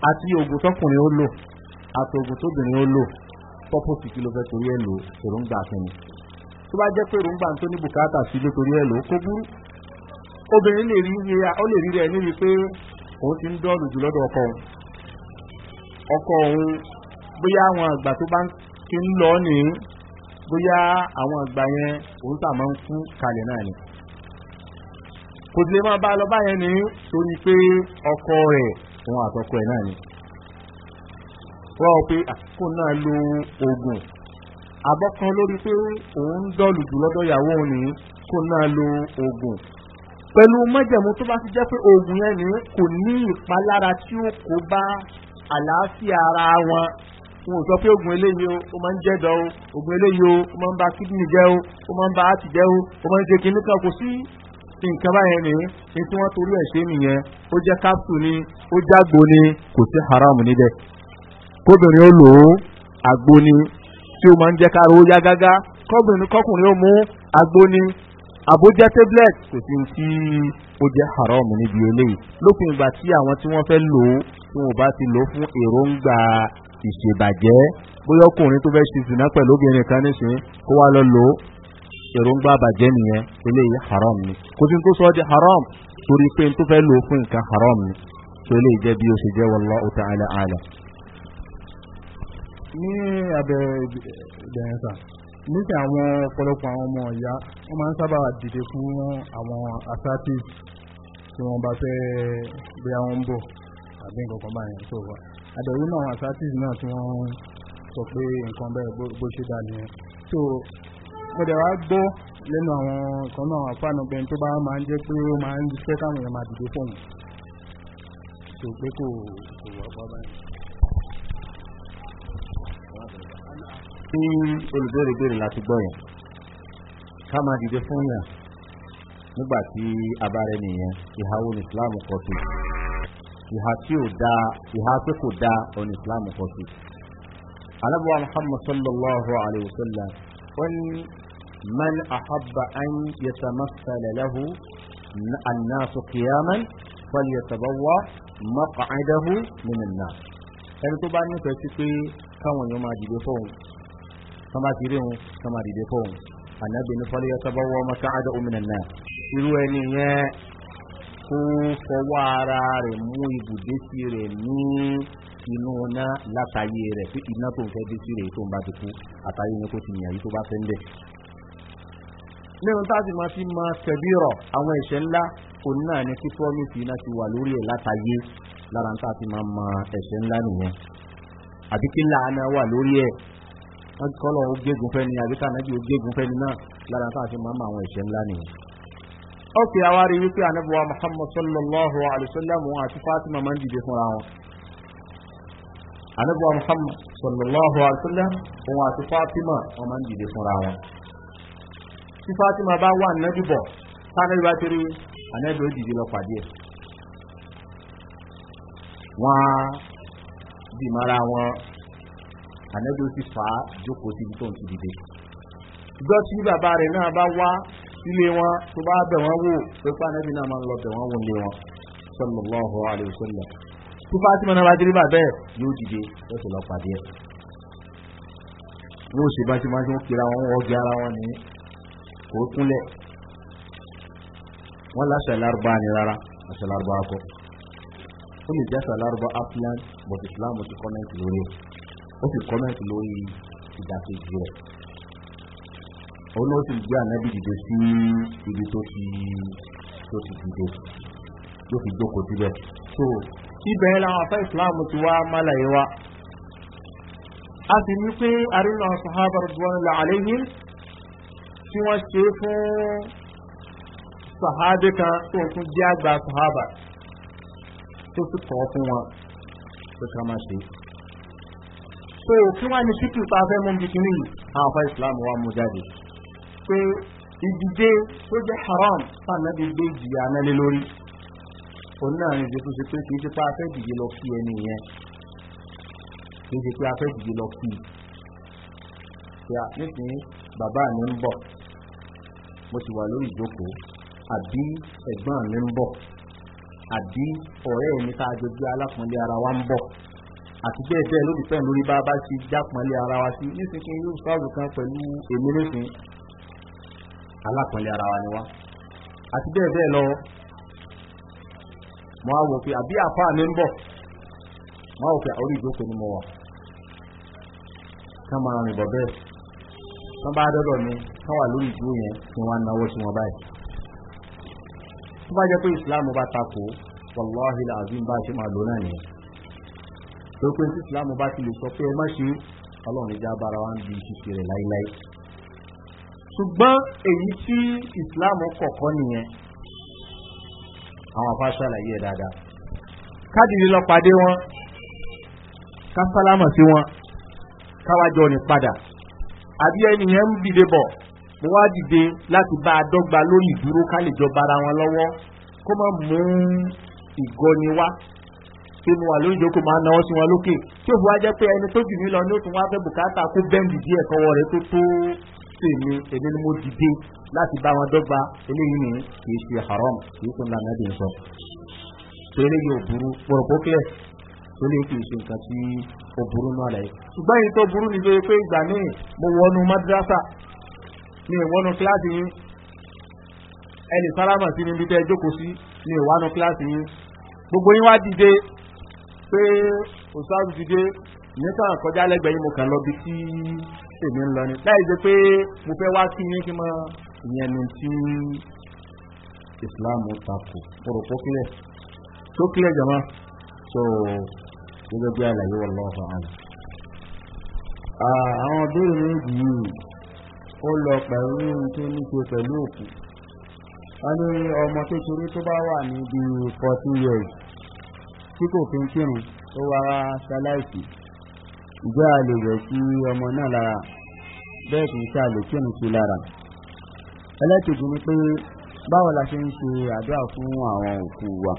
àti oògùn tọkùnrin ó lò àti oògùn tóbìnrin ó lò pọ́pọ́sì kí ló fẹ́ torí ẹ̀ lò èròǹgbà kìíní tó bá jẹ́ pé èròǹgbà tó ní bùkátà sí ló torí ẹ̀ lò kó burú obìnrin lè rí rẹ̀ ó lè rí rẹ̀ níbi pé òun ti ń dọ́ọ̀lù jù lọ́dọ̀ ọkọ òun ọkọ òun bóyá àwọn àgbà tó bá ti ń lọ ní bóyá àwọn àgbà yẹn òun tà máa ń kú kalẹ̀ náà ni kò sì lè máa bá a lọ báyẹn ní torí pé ọkọ rẹ̀ òun àtọkọ ẹ̀ náà ni wọ́n rò pé àkókò náà lo oògùn abọ́kan lórí pé òun ń dọ́ọ̀lù jù lọ́dọ̀ ìyàwó òun ní kó náà lo oògùn pẹ̀lú mọ́jẹ̀mú tó bá ti jẹ́ pé oògùn yẹn ni kò ní ìpalára tí ó kó bá àlàáfíà ara wọn wọn ò sọ pé oògùn eléyìí o ó máa ń jẹ́dọ̀ o oògùn eléyìí o ó máa ń ba kídìnì jẹ́ o ó máa ń ba àtì jẹ́ o ó máa ń ṣe kínní kan kò sí nǹkan báyẹn ni ní tí wọ́n torí ẹ̀ ṣe nìyẹn ó jẹ́ capsule ni ó jágbo ni kò sí haram níbẹ̀ kóbìnrin ó lò ó àgbo ni tí ó máa ń jẹ́ káàró yá gágá kóbìnrin kọkùnrin ó mú àgbo ni àbójá tablet kò sí tí ó jẹ́ haram níbi eléyìí lópin ìgbà tí àwọn tí wọ́n fẹ́ lò ó tí wọ́n bá ti lò ó fún èròǹgbà ìṣèbàjẹ́ bóyá ọkùnrin tó fẹ́ ṣe zùnà pẹ̀lú obìnrin kan nísìnyí kó wá lọ lò ó èròǹgbà bàjẹ́ nìyẹn eléyìí haram ni kò sí tó sọ ọ́ di haram torí pé tó fẹ́ lò ó fún nǹkan haram ni tó lè jẹ́ bí ó ṣe jẹ́ wallahu ta'ala àlà. ní abẹ́ ìbẹ̀rẹ̀ eh, sáà nígbà àwọn ọ̀pọ̀lọpọ̀ àwọn ọmọ ìyá wọ́n máa ń sábà dìde fún àwọn asátì tí wọ́n bá fẹ́ bí àwọn ń bọ̀ àbí nǹkan kan báyẹn tó wà. àdẹ̀wò náà àwọn asátì náà tí wọ́n sọ pé nǹkan bẹ́ẹ̀ bó ṣe dà nìyẹn. tó mo dẹ̀ wá gbọ́ lẹ́nu àwọn nǹkan náà àfáànù tó bá máa ń jẹ́ pé ó máa ń fẹ́ káwọn èèyàn máa dìde fóun. tó pé kò wà pa báyìí. tí olùbéèrè béèrè láti gbọ́ yẹn ká máa dìde fún yàn nígbà tí a bá rẹ nìyẹn ìhà wo ni islam kọ sí ìhà tí ò dáa ìhà tí kò dáa ò ní islam kọ sí. alábọ̀ muhammad sallallahu alayhi wa sallam ó ní man ahabba an yatamassala lahu annasu qiyaman falyatabawa maq'adahu min an-nar. ẹni tó bá nífẹ̀ẹ́ sí pé káwọn èèyàn máa dìde fóun sọ́n bá ti rí òun sọ́n máa dìde fóun ànábì ní fọ́lẹ́yà sábà wọ́n ọmọ káàdà òmìnira náà irú ẹni yẹn kó fọwọ́ ara rẹ̀ mú ibùdó sí rẹ̀ ní inú ọ̀nà látàyè rẹ̀ pé iná tó ń fẹ́ dé sí rẹ̀ tó ń bá ti kú àtàyè ni kò ti yàn yìí tó bá fẹ́ ń bẹ̀. nínú táàbì máa fi máa tẹ̀bí àwọn ẹ̀ṣẹ̀ ńlá òun náà ni kí fọ́ọ̀mùsì iná ti wà lórí ẹ̀ látàyè lára táàbì máa ma ẹ̀ṣẹ̀ ńlá nìyẹn àbí ńlá àná wà lórí ẹ̀ kọ́lọ̀ ó gégùn fẹ́ni àbí kànáàbí ó gégùn fẹ́ni náà lára tá a fi máa ń mọ àwọn ẹ̀ṣẹ̀ ńlá nìyẹn. ó fi rí wípé anábùwà muhammad sallallahu alayhi wa sallam àti fatima máa ń dìde fúnra wọn. anábùwà muhammad sallallahu alayhi wa sallam òun àti fatima wọn máa ń dìde fúnra wọn. tí fatima bá wà nábì bọ̀ tánábì bá tẹ̀lé anábì dìde lọ pàdé ẹ̀. wọ́n á dì mọ́ra wọn ànágbé ó sì fà á jókòó síbi tó ń ti dìde. ìjọ tí bàbá rẹ̀ náà bá wá sílé wọn tó bá bẹ̀ wọ́n wò pé pa ànábì náà máa ń lọ bẹ̀ wọ́n wò lé wọn sallallahu alaihi wasallam tó bá tí mo náà bá dé bàbá ẹ̀ yóò dìde lọ́sọ̀ lọ pàdé ẹ̀. wọ́n ṣe bá ti máa ń kíra wọn wọ́n gé ara wọn ní kò kúnlẹ̀ wọ́n láṣà lárúbá ni rárá àṣà lárúbá kọ́ ó lè jẹ́ àṣà lárúbá afiyan but islam ti kọ́nẹ́ǹtì lórí ẹ̀ ó sì kọ́mẹ́ǹtì lórí ìdàkejì rẹ̀ òun ló sì gbé ànábì dìde sí ibi tó ti tó ti dìde ló fi jókòó síbẹ̀. so ibẹ̀ làwọn afẹ́ ìsìláàmù ti wá málàyé wa a sì ní pé àrínà sahaba rẹ̀dùn la àléyìn tí wọ́n ṣe fún sahabi kan tó tún jẹ́ àgbà sahaba tó sì kọ́ fún wọn tó ká máa ṣe so kí wọ́n ní títù tá a fẹ́ mú bí kíní àwọn afá islam wa mú jáde pé ìdìde tó jẹ́ haram fànàbí gbé ìjìyà mẹ́lẹ́ lórí òun náà ní ìdíkù sí pé kì í ṣe pé a fẹ́ dìde lọ kí ẹni yẹn kì í ṣe pé a fẹ́ dìde lọ kí ìyá nísìnyí bàbá mi ń bọ̀ mo sì wà lórí ìjókòó àbí ẹ̀gbọ́n mi ń bọ̀ àbí ọ̀rẹ́ mi tá a jọ gbé alákùnrin ara wa ń bọ̀ àti bẹ́ẹ̀ bẹ́ẹ̀ ló dìpẹ́ lórí bá a bá ti jápọ̀nlé ara wa sí nísìnyí yóò sáàbù kan pẹ̀lú èmi nísìn alápọ̀nlé ara wa ni wá àti bẹ́ẹ̀ bẹ́ẹ̀ lọ mo á wò pé àbí àfa mi ń bọ̀ mo á wò pé orí ìjókòó ni mo wà ká máa rìn bọ̀ bẹ́ẹ̀ wọ́n bá dọ́dọ̀ mi ká wà lórí ìdúró yẹn kí wọ́n á náwó sí wọn báyìí tó bá jẹ́ pé ìsìláàmù bá takò wàláhìlà àbí ń bá ṣe máa lò náà nìyẹn tó pé tí ìsìlámù bá ti lè sọ pé ẹ má ṣe ọlọ́run ìjà bára wa ń di ṣíṣe rẹ̀ láíláí. ṣùgbọ́n èyí tí ìsìlámù kọ̀ọ̀kọ́ nìyẹn àwọn afáṣọ àlàyé ẹ̀ dáadáa kádìrí lọ pàdé wọn ká sálámà sí wọn káwájọ ní padà àbí ẹnìyẹn ń dìde bọ̀ wá dìde láti bá a dọ́gba lórí ìdúró ká lè jọ bara wọn lọ́wọ́ kó má mú ìgọ́ni wá ṣé mo wà lórí ìjókòó máa náwó sí wọn lókè tí òfin wá jẹ́ pé ẹni tó jù mí lọ ní òtún wá fẹ́ bùkátà kó bẹ́ǹdì díẹ̀ kọ́wọ́ rẹ tó tó tèmi èmi ni mo dìde láti bá wọn dọ́gba eléyìí ni kì í ṣe haram kì í kúnlá nàbì sọ torí yóò burú pọ̀rọ̀pọ̀kẹ́ torí kì í ṣe nǹkan tí ó burú náà láyé ṣùgbọ́n èyí tó burú nílé pé ìgbà míì mo wọnú madrasa mi ò wọnú kíláàsì yín ẹnì sálámà sí níbi tẹ́ ẹ jókòó sí mi ò wọnú kíláàsì yín gbogbo yín wá dìde pé òṣùwàbù ti dé ìyẹn kàn kọjá lẹ́gbẹ̀ẹ́ yìí mo kàn lọ bí tí èmi ń lọ ni láì jẹ́ pé mo fẹ́ wá sí yín kí mọ́ ìyẹn nu tí islam takò mo rò pé kílẹ̀ tó kílẹ̀ Jama. so gẹ́gẹ́ bí àlàyé wọn lọ́wọ́ fún àwọn. àwọn béèrè méjì yìí ó lọ pẹ̀lú tó ní ṣe pẹ̀lú òkú wọ́n ní ọmọ kékeré tó bá wà ní bíi fourteen years tí kò fi ń kírun ó wá ṣaláìsì ìjọ àlèwẹ̀ sí ọmọ náà lára bẹ́ẹ̀ kì í ṣe kírun sí lára ẹlẹ́kejì ni pé báwo la ṣe ń ṣe àdúrà fún àwọn òkú wa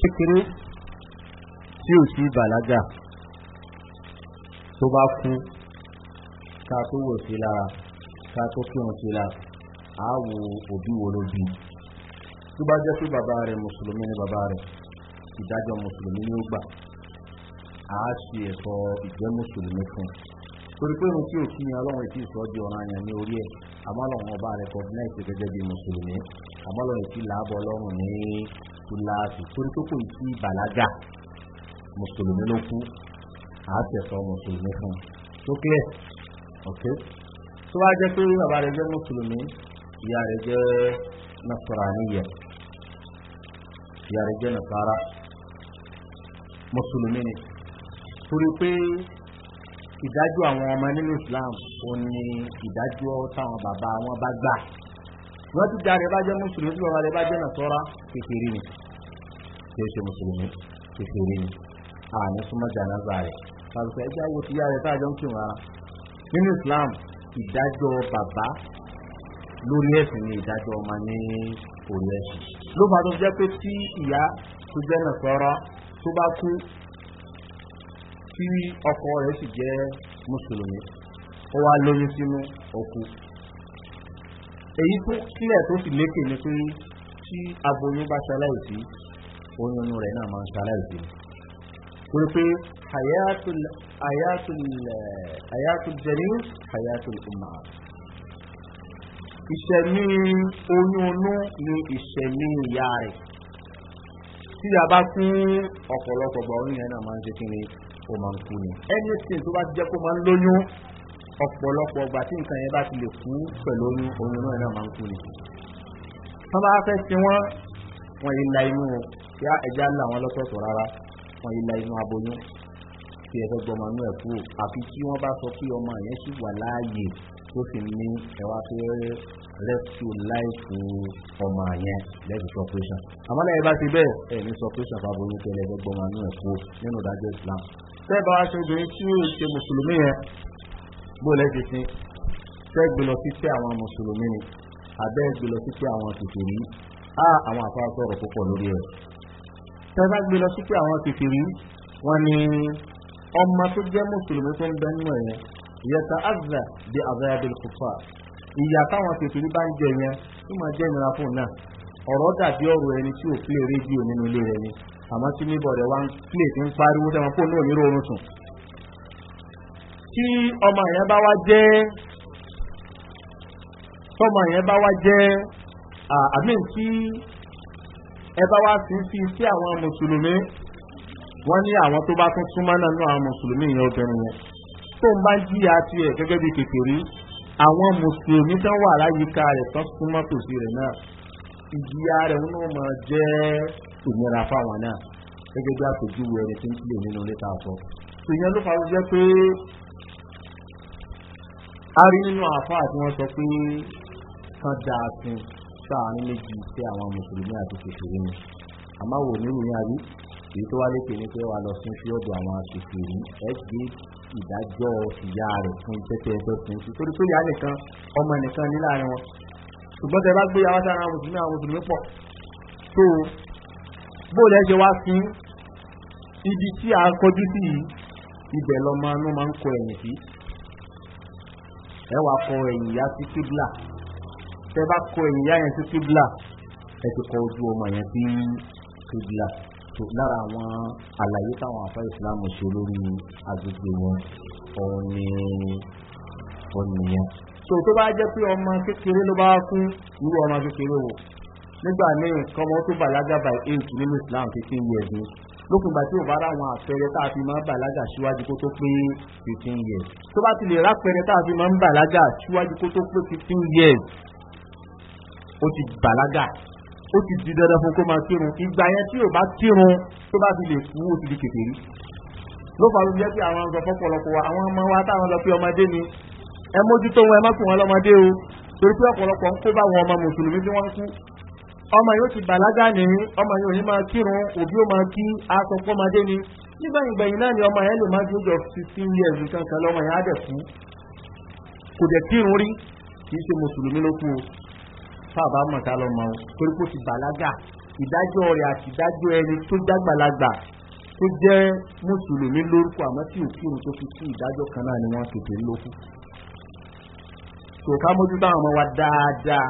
kékeré tí ò sí bàlágà tó bá kú ká tó wò sí lára ká tó kírun sí lára àá wo òbí wo ló bí i tó bá jẹ́ pé bàbá rẹ̀ mùsùlùmí ni bàbá rẹ̀ ìdájọ́ mùsùlùmí ni ó gbà á ṣe ẹ̀tọ́ ìjẹ́ mùsùlùmí fún torí pé mo tí ò kí ni ọlọ́run ètí ìsọ́jú ọ̀ràn yẹn ní orí ẹ̀ àmọ́ ọlọ́run ọba rẹ̀ kọ́bínẹ́ẹ̀tì gẹ́gẹ́ bí mùsùlùmí àmọ́ ọlọ́run ètí làábọ̀ ọlọ́run ní tùlàásì torí tó kò ní sí ìbàlágà mùsùlùmí ló kú àtẹ̀tọ̀ mùsùlùmí fún tó kílẹ̀ ọ̀kẹ́ tó wá jẹ́ pé bàbá rẹ̀ jẹ́ mùsùlùmí ìyá rẹ̀ jẹ́ nasaraniya ìyá rẹ̀ jẹ́ nàṣàrà mùsùlùmí ni torí pé ìdájọ́ àwọn ọmọ nínú Islam ò ní ìdájọ́ táwọn bàbá wọn bá gbà wọ́n ti dáre bá jẹ́ mùsùlùmí tí bàbá rẹ̀ bá jẹ́ nàṣàrà kékeré ni kí ó ṣe mùsùlùmí kékeré ni àní súnmọ́ jàǹdà rẹ̀ pàṣẹ ẹjẹ́ àwọn ti yá rẹ̀ tá a jọ ń kí wọn nínú Islam ìdájọ́ bàbá lórí ẹ̀sìn ni ìdájọ́ ọmọ ní orí ẹ̀sìn ló bá tó jẹ́ pé tí ìyá tó jẹ́ nàkọ́rọ́ tó bá kú tí ọkọ rẹ̀ sì jẹ́ mùsùlùmí ó wá lóyún sínú òkú èyí tó kílẹ̀ tó sì lékè ni pé tí aboyún bá ṣaláìsí oyún inú rẹ̀ náà máa ń ṣaláìsí torí pé hayatul hayatul hayatul janin hayatul umar ìṣẹ̀mí oyún inú ni ìṣẹ̀mí ìyá rẹ̀ tí a bá kún ọ̀pọ̀lọpọ̀ gbà oyún yẹn náà máa ń ṣe kí ni ó máa ń kú ni anything tó bá jẹ́ kó máa ń lóyún ọ̀pọ̀lọpọ̀ ọgbà tí nǹkan yẹn bá ti lè kú pẹ̀lú oyún oyún náà náà máa ń kú ni wọ́n bá fẹ́ sin wọ́n wọ́n yìí la inú yá ẹja ńlá wọn lọ́sọ̀ọ̀tọ̀ rárá wọ́n yìí la inú aboyún tí ẹ fẹ́ gbọmọ inú ẹ̀ kúrò àfi tí wọ́n bá sọ pé ọmọ yẹn sì wà láàyè tó sì ní ẹwà fẹ́ rescue life ọmọ yẹn lẹ́bi operation. àmọ́ lẹ́yìn bá ti bẹ́ẹ̀ ẹ̀ ní operation fún aboyún tẹ́lẹ̀ fẹ́ gbọmọ inú ẹ̀ kúrò nínú ìdájọ́ Islam. tẹ́ ẹ ṣe obìnrin tí yóò ṣe mùsùlùmí yẹn bó lẹ́sìn sí tẹ́ lọ sí àwọn mùsùlùmí ni àbẹ́ lọ sí àwọn kìkìrí wọ́n ní ọmọ tó jẹ́ mùsùlùmí tó ń bẹ nínú yẹn yẹta azza bi azabil kufa ìyá táwọn kèfèrí bá ń jẹ yẹn je máa jẹ́ ìnira fún náà ọ̀rọ̀ dàbí ọ̀rọ̀ ẹni tí ò pílè rédíò nínú ilé rẹ̀ ni àmọ́ tí níbọ̀ rẹ̀ wá ń pílè tí ń pariwo tẹ́wọ̀n fóònù onírò oorun sùn tí ọmọ yẹn bá wá jẹ́ tọ́mọ yẹn bá wá jẹ́ àmì wọ́n ní àwọn tó bá tún súnmọ́ náà nínú àwọn mùsùlùmí yẹn obìnrin yẹn tó ń bá jìyà tiẹ̀ gẹ́gẹ́ bí kékeré àwọn mùsùlùmí tó wà láyìíká rẹ̀ tó súnmọ́ tòsí rẹ̀ náà ìjìyà rẹ̀ ń náà máa jẹ́ ìnira fáwọn náà gẹ́gẹ́ bí àpèjúwe ẹni tí ń tilẹ̀ nínú ilé tá a sọ. ìyẹn ló fà jẹ́ pé a rí nínú àáfàá tí wọ́n sọ pé kan dáa sí sáàárín méjì sí àwọn mùsùlùmí àti kékeré ni àmáwò nírú ní àrí èyí tó wá lékè ní pé wà lọ sí sí ọ̀dọ̀ àwọn aṣòfin ní ẹgbẹ́ ìdájọ́ ìyá rẹ̀ fún ìtẹ́tẹ́ ẹgbẹ́ fún sí torí pé ìyá nìkan ọmọ nìkan ní láàrin wọn ṣùgbọ́n tẹ bá gbé yàrá sára àwọn mùsùlùmí àwọn mùsùlùmí pọ̀ tó bóòlù ẹ ṣe wá sí ibi tí a kọjú sí ibẹ̀ lọ́mọ anú máa ń kọ ẹ̀yìn sí ẹ wà kọ ẹ̀yìn ìyá sí kíbla tẹ bá kọ ẹ̀yìn ìyá yẹn sí kíbla ẹ ti kọ ojú ọmọ yẹn sí kíbla tó lára àwọn àlàyé táwọn afẹ́ ìsìlámù ṣe lórí agbègbè wọn òun ni òun nìyẹn. tó tó bá jẹ́ pé ọmọ kékeré ló bá kú irú ọmọ kékeré wò nígbà míì kọ́mọ tó bàlágà by eight nínú islam fifteen years ni lókun ìgbà tí ò bá rà àwọn àpẹẹrẹ tá a fi máa ń bàlágà síwájú kó tó pé fifteen years tó bá ti lè rà àpẹẹrẹ tá a fi máa ń bàlágà síwájú kó tó pé fifteen years ó ti bàlágà ó ti di dandan fún kó máa kírun ìgbà yẹn tí ò bá kírun tó bá fi lè kú ó ti di kékeré ló fà ló jẹ́ pé àwọn ọ̀gá fọ́pọ̀lọpọ̀ wa àwọn ọmọ wa táwọn lọ pé ọmọdé ni ẹ mójútó wọn ẹ má kù wọn o torí pé ọ̀pọ̀lọpọ̀ ń kó bá wọn ọmọ mùsùlùmí tí wọ́n ń kú ọmọ ti bàlágà ní ọmọ ní máa kírun òbí ó máa kí aṣọ ni nígbà ìgbẹ̀yìn náà ni ọmọ yẹn lè má ju ọjọ́ fifteen years fáàbà mọ̀tá lọ́mọ torí kó ti bàlágà ìdájọ́ rẹ̀ àti ìdájọ́ ẹni tó jágbàlagbà tó jẹ́ mùsùlùmí lórúkọ àmọ́ tí òkúrun tó fi sí ìdájọ́ kan náà ni wọ́n tètè lókù. tòká mójú bá àwọn ọmọ wa dáadáa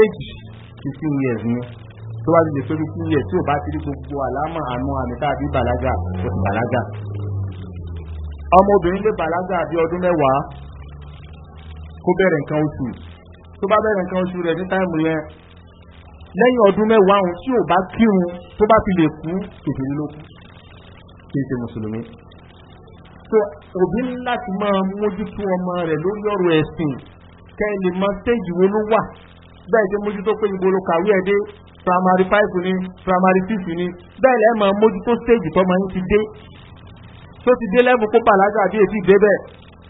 age fifteen years ni tó bá ti lè pé fifteen years tí ò bá ti rí gbogbo àlámọ̀ àánú àmì káàbí bàlágà ó ti bàlágà. ọmọbìnrin lè bàlágà bí ọdún mẹ́wàá kó bẹ̀rẹ̀ nǹkan oṣù tó bá bẹ̀rẹ̀ nǹkan oṣù rẹ̀ ní táìmù yẹn lẹ́yìn ọdún mẹ́wàá òun tí ò bá kírun tó bá fi lè kú kèfè ló kú ṣe mùsùlùmí. so òbí láti máa mójútó ọmọ rẹ̀ lórí ọ̀rọ̀ ẹ̀sìn kẹ́ni mọ stéèjì wo ló wà bẹ́ẹ̀ ṣe mójútó pé ibo kàwé ẹ̀ dé primary five ni primary six ni bẹ́ẹ̀ lẹ́ẹ̀ máa mójútó stéèjì tọ́mọ yín ti dé tó ti dé lẹ́bùn kó bàlágà bí èsì débẹ̀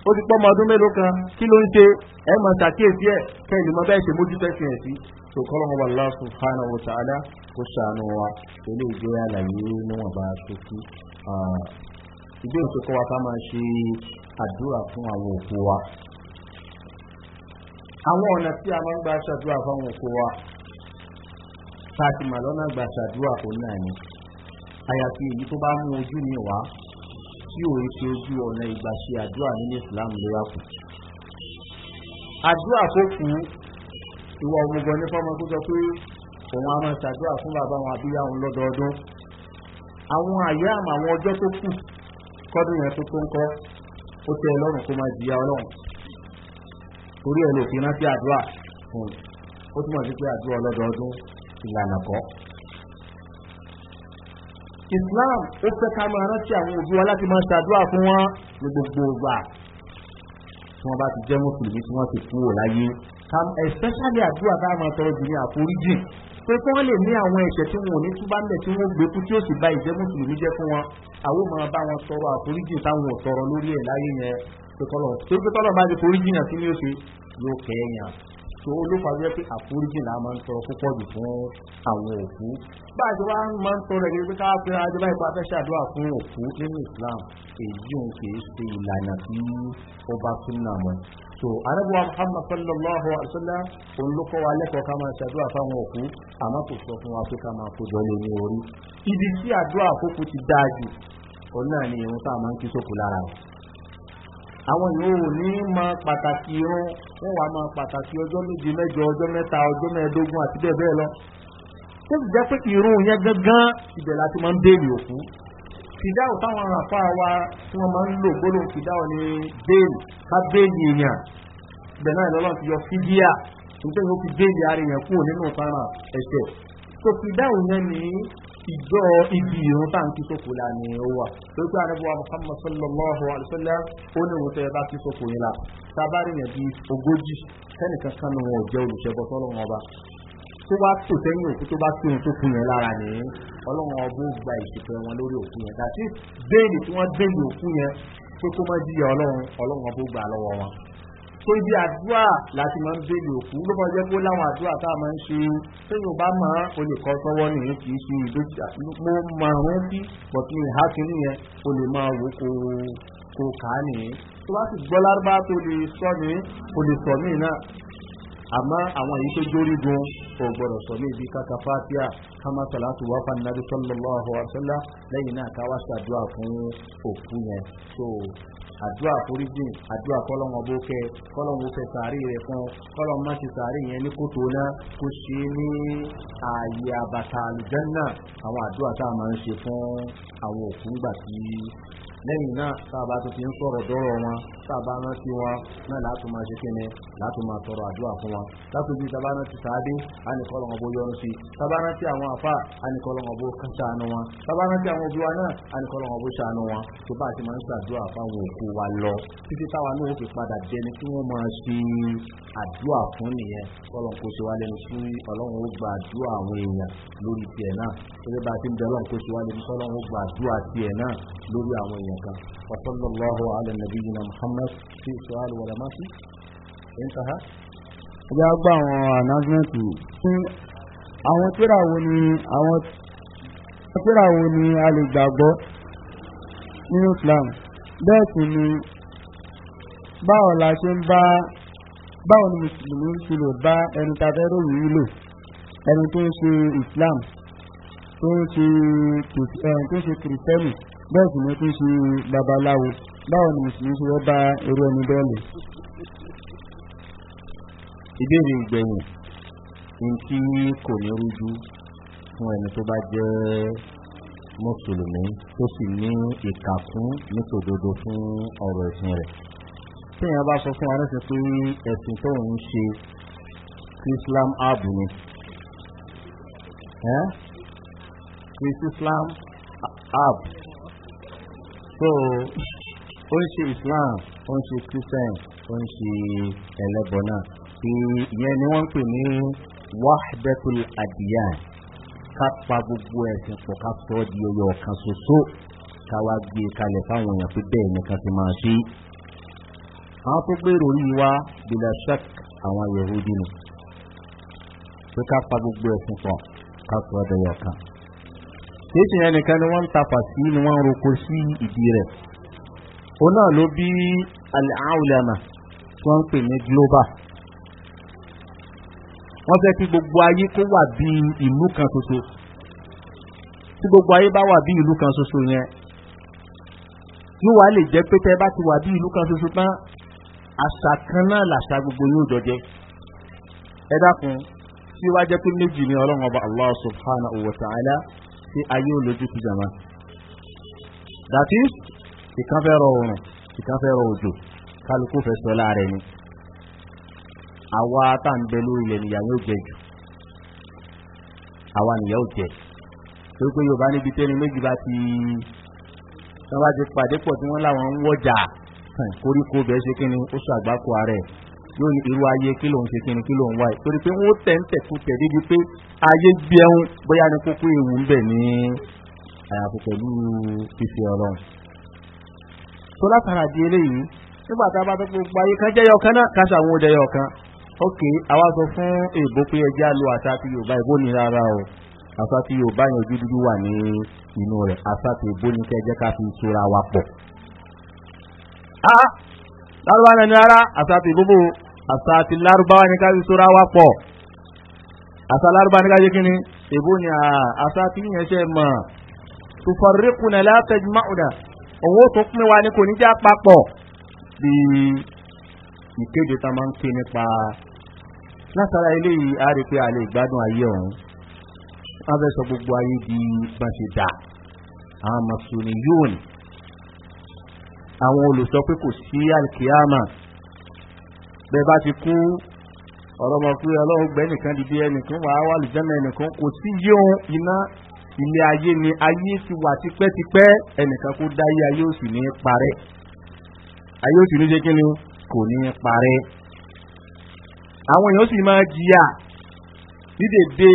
ó ti pọ́ ọmọ ọdún mélòó kan kí ló ń ṣe ẹ máa ṣàkíyèsí ẹ kẹ́yìn ló máa bẹ́ẹ̀ ṣe mójútó ẹ̀sìn ẹ̀ sí tó kọ́ lọ́wọ́ wàlá subhanahu wa ta'ala kó ṣàánú wa pẹ̀lú ìgbé àlàyé níwọ̀nba tó kú. ìbéèrè tó kọ́ wa ká máa ṣe àdúrà fún àwọn òkú wa. àwọn ọ̀nà tí a máa ń gba ṣàdúrà fáwọn òkú wa tá a ti mà gba ṣàdúrà kò náà ni àyàfi èyí tó bá mú ojú mi wá tí òun ti ojú ọ̀nà ìgbà ṣe àdúrà nínú Islam ló wá kù. àdúrà tó kù ìwà òmùgọ̀ ní fọmọ tó sọ pé òun á máa ṣàdúrà fún bàbá àwọn abíyá òun lọ́dọọdún àwọn àyà àmọ́ àwọn ọjọ́ tó kù kọ́dún yẹn tó tó ń kọ́ ó tẹ ọlọ́run kó máa jìyà ọlọ́run torí ẹ̀ lòfin rántí àdúrà fún un ó túmọ̀ sí pé àdúrà ọlọ́dọọdún ìlànà kọ́ islam ó fẹ́ ká máa rántí àwọn òbí wa láti máa ṣàdúrà fún wọn ní gbogbo ìgbà tí wọ́n bá ti jẹ́ mùsùlùmí tí wọ́n ti kúrò láyé especially àdúrà tá a máa tọrọ jù ní àforíjì pé kí wọ́n lè ní àwọn ẹ̀ṣẹ̀ tí wọn ò ní túbá ń bẹ̀ tí wọ́n gbé kú tí ó sì ba ìjẹ́ mùsùlùmí jẹ́ fún wọn àwọn máa bá wọn tọrọ àforíjì táwọn ò tọrọ lórí ẹ̀ láyé yẹn pé kọ́lọ̀ bá ti foríjì so olófàá jẹ́ pé àforíjì là máa ń tọrọ púpọ̀ jù fún àwọn òkú bá a ti wá máa ń tọrọ ẹ̀rí pé káwá pé ajọba ìpa fẹ́ ṣàdúrà fún òkú nínú Islam èyí òun kì í ṣe ìlànà tí ó bá tún nà mọ́ so arábùwà Muhammad sallallahu alaihi wa sallam òun ló kọ́ wa lẹ́kọ̀ọ́ ká máa ṣàdúrà fáwọn òkú àmọ́ kò sọ fún wa pé ká máa kó jọ lé ní orí ibi tí àdúrà àkókò ti dáa jù òun náà ni irun tá a máa ń kí sókù lára àwọn yòówù ní máa pàtàkì irun wọ́n wàá máa pàtàkì ọjọ́ méje mẹ́jọ ọjọ́ mẹ́ta ọjọ́ mẹ́ẹ̀ẹ́dógún àti bẹ́ẹ̀ bẹ́ẹ̀ lọ tó sì jẹ́ pé irun yẹn gángan ibẹ̀ láti máa ń béèrè òkú fìdáwò táwọn àfa wa tí wọ́n máa ń lò gbólóhùn fìdáwò ní béèrè ká béèrè èèyàn ibẹ̀ náà lọ́lọ́ ti yọ fídíà nítorí ó fi béèrè ara kúrò nínú ìfarahàn ẹ̀ṣẹ̀ tó fìdáwò yẹn nìyí ìjọ ibi ìrún tá à ń kí sóko la ni ó wà ló gbé àdébọ̀wá muhammad sallallahu alayhi wa sallam ó ní òun tẹ́ ẹ bá kí sóko yín la tábàárì yẹn bíi ogójì sẹ́nìkan kan wọn ò jẹ́ olùṣẹ́bọ tọ́lọ́wọ́n ọba tó wá tò sẹ́yìn òkú tó bá tó ohun tó kù yẹn lára ní ọlọ́run ọbọ̀ gba ìṣèpẹ́ wọn lórí òkú yẹn dàtí béèlì tí wọ́n béèlì òkú yẹn tó tó má jìyà ọlọ́run ọlọ́run ọbọ̀ gbà lọ́wọ́ wọn ṣé ibi àdúrà láti máa ń béèrè òkú ló máa jẹ́ pé láwọn àdúrà tá a máa ń ṣe tí yóò bá mọ̀ ó lè kọ́ sọ́wọ́ nìyẹn kì í ṣe ìdókítà mo máa ń bí bọ̀tún ìhá kìíní yẹn o lè máa wò kó kó kà á nìyẹn tó bá sì gbọ́ lárúbá tó lè sọ ní o lè sọ míì náà àmọ́ àwọn èyí tó jórí gun kò gbọ́dọ̀ sọ ní ibi káka fátíà kama salatu wa fa nabi sallallahu alaihi wa sallam lẹ́yìn náà ká wá ṣàdúrà fún òkú yẹn so àdúrà foríjìn àdúrà kọ́lọ́wọ́n bó kẹ kọ́lọ́wọ́n fẹ́ sàárì rẹ̀ fún kọ́lọ́wọ́n má ṣe sàárì yẹn ní kòtò náà kó ṣe ní ààyè àbàtà àlùjànnà àwọn àdúrà tá a máa ń ṣe fún àwọn òkú ńgbà tí lẹ́yìn náà sábà tó ti ń sọ̀rọ̀ dọ́rọ̀ wọn sábà rántí wọn náà láti máa ṣe kíni láti máa tọrọ àdúrà fún wọn látòjú sábà rántí sáadé ànikọ́lọ̀ ọ̀bọ yọnu sí sábà rántí àwọn àfà ànikọ́lọ̀ ọ̀bọ ṣàánú wọn sábà rántí àwọn òbí wa náà ànikọ́lọ̀ ọ̀bọ ṣàánú wọn tó bá ti máa ń ṣàdúrà fáwọn òkú wa lọ títí táwa náà ó fi padà jẹni tí wọ́n máa ṣe àdúrà fún nìyẹn kọ́lọ́n kó ṣe wá lẹ́nu tí ọlọ́run ó gba àdúrà àwọn èèyàn lórí tiẹ̀ náà gẹ́gẹ́ bá a ti ń bẹ ọlọ́run kó ṣe wá lẹ́nu kọ́lọ́run ó gba àdúrà tiẹ̀ náà lórí àwọn èèyàn kan wasallallahu ala nabiyina muhammad fi sọ́ọ́lù wàlá má sí. intaha. ọjà gba àwọn anásímẹ́ǹtì fún àwọn tíra wo ni àwọn tíra wo ni a lè gbàgbọ́ nínú islam bẹ́ẹ̀ sì ni báwo la ṣe ń bá báwo ni mùsùlùmí ti lè bá ẹni tàbẹ́rò yìí lò ẹni tó ń ṣe islam tó ń ṣe kìrìsìtẹ́nì bẹ́ẹ̀ sì ni tó ń ṣe babaláwo báwo ni mùsùlùmí ti wọ́n bá irú ẹni bẹ́ẹ̀ lò. ìbéèrè ìgbẹ̀yìn ní tí kò ní rújú fún ẹni tó bá jẹ́ mùsùlùmí tó sì ní ìkà fún nítòdodo fún ọ̀rọ̀ ẹ̀sìn rẹ̀ téèyàn bá sọ fún wa nísìn pé ẹ̀sìn tó ń ṣe Islam abu ni Islam ab so ó ń ṣe Islam ó ń ṣe Christian ó ń ṣe ẹlẹ́bọ náà ìyẹn ni wọ́n ń pè ní wahdatul adiyan ká pa gbogbo ẹ̀sìn pọ̀ ká sọ ọ́ di ẹyọ ọ̀kan ṣoṣo ká wá gbé e kalẹ̀ fáwọn èèyàn pé bẹ́ẹ̀ ni ká fi máa ṣe é àwọn tó gbèrò yìí wá bìlà ṣẹ́k àwọn yẹ̀húdí nù tó ká pa gbogbo ẹ̀sìn pọ̀ ká sọ ọ́ kan. kéèsì yẹn nìkan ni wọ́n ń tapà sí ni wọ́n ń roko sí ìdí rẹ̀ ó náà ló bí al-awlama tí wọ́n ń pè ní global wọ́n fẹ́ kí gbogbo ayé kó wà bí ìlú kan ṣoṣo tí gbogbo ayé bá wà bí ìlú kan ṣoṣo yẹn yóò wá lè jẹ́ pé tẹ́ bá ti wà bí ìlú kan ṣoṣo tán àṣà kan náà làṣà gbogbo yóò jọ jẹ́ ẹ dákun tí wàá jẹ́ pé méjì ni ọlọ́run ọba allah subhanahu wa ta'ala ṣe ayé olójú ti jàmá that is ìkan fẹ́ rọ oòrùn ìkan fẹ́ rọ òjò kálukú fẹ́ sọ láàrẹ̀ ni àwa tá à ń bẹ lórí ilẹ̀ nìyà yóò jẹ jù àwa nìyà ò jẹ torí pé yorùbá níbi tẹ́ni méjì bá ti wọ́n bá ti pàdé pọ̀ tí wọ́n láwọn ń wọ́jà sàn koríko bẹ́ẹ̀ ṣe kí ni ó ṣàgbákò ara ẹ̀ yóò ní irú ayé kí ló ń ṣe kíni kí ló ń wá ẹ torí pé wọn ó tẹ̀ tẹ̀ débi pé ayé gbẹun bóyá ni kókó ewu ń bẹ̀ ní àyàfi pẹ̀lú fífi ọlọ́run. tó látara di eléyìí nígbà tá a bá tó gbogbo ayé kan jẹ́yọ̀ kan náà káṣà àwọn òjẹ́yọ̀ kan ok àwa sọ fún èbó pé ẹja lo àṣà àti yorùbá ìbò ní rárá o àṣà àti yorùbá yẹn dúdú wà ní inú rẹ̀ àṣà àti ìbò ní kẹjẹ ká fi ìtura wa pọ̀ a lárúbáwá náà ní ara àṣà àti ìbúbù àṣà àti lárúbáwá ní káyọ̀ sóra wá pọ̀ àṣà lárúbáwá ní káyọ̀ kíni èbó ni àṣà àti yíyan ṣe mọ̀ tùfọ̀rẹ́kùnà látẹ̀jú máwùdà owó tó pín wa ní kò ní jẹ́ àpapọ̀ bí ìkéde tá a máa ń pè nípa látara eléyìí a rí pé a lè gbádùn ayé ọ̀hún wọ́n fẹ́ sọ gbogbo ayé di bá ṣe dà àwọn mùsùlùmí yóò ní àwọn olùsọ pé kò sí alkiyama bẹ́ẹ̀ bá ti kú ọ̀rọ̀ ọmọ pé ọlọ́run gbẹ́ nìkan dìde ẹnìkan wà á wà lùjẹ́nà ẹnìkan kò sí yóò iná ilé ayé ni ayé ti wà tipẹ́tipẹ́ ẹnìkan kó dá ayé ayé òsì ní parẹ́ ayé òsì ní ṣe ni kò ní parẹ́ àwọn èèyàn sì máa jìyà dídèdè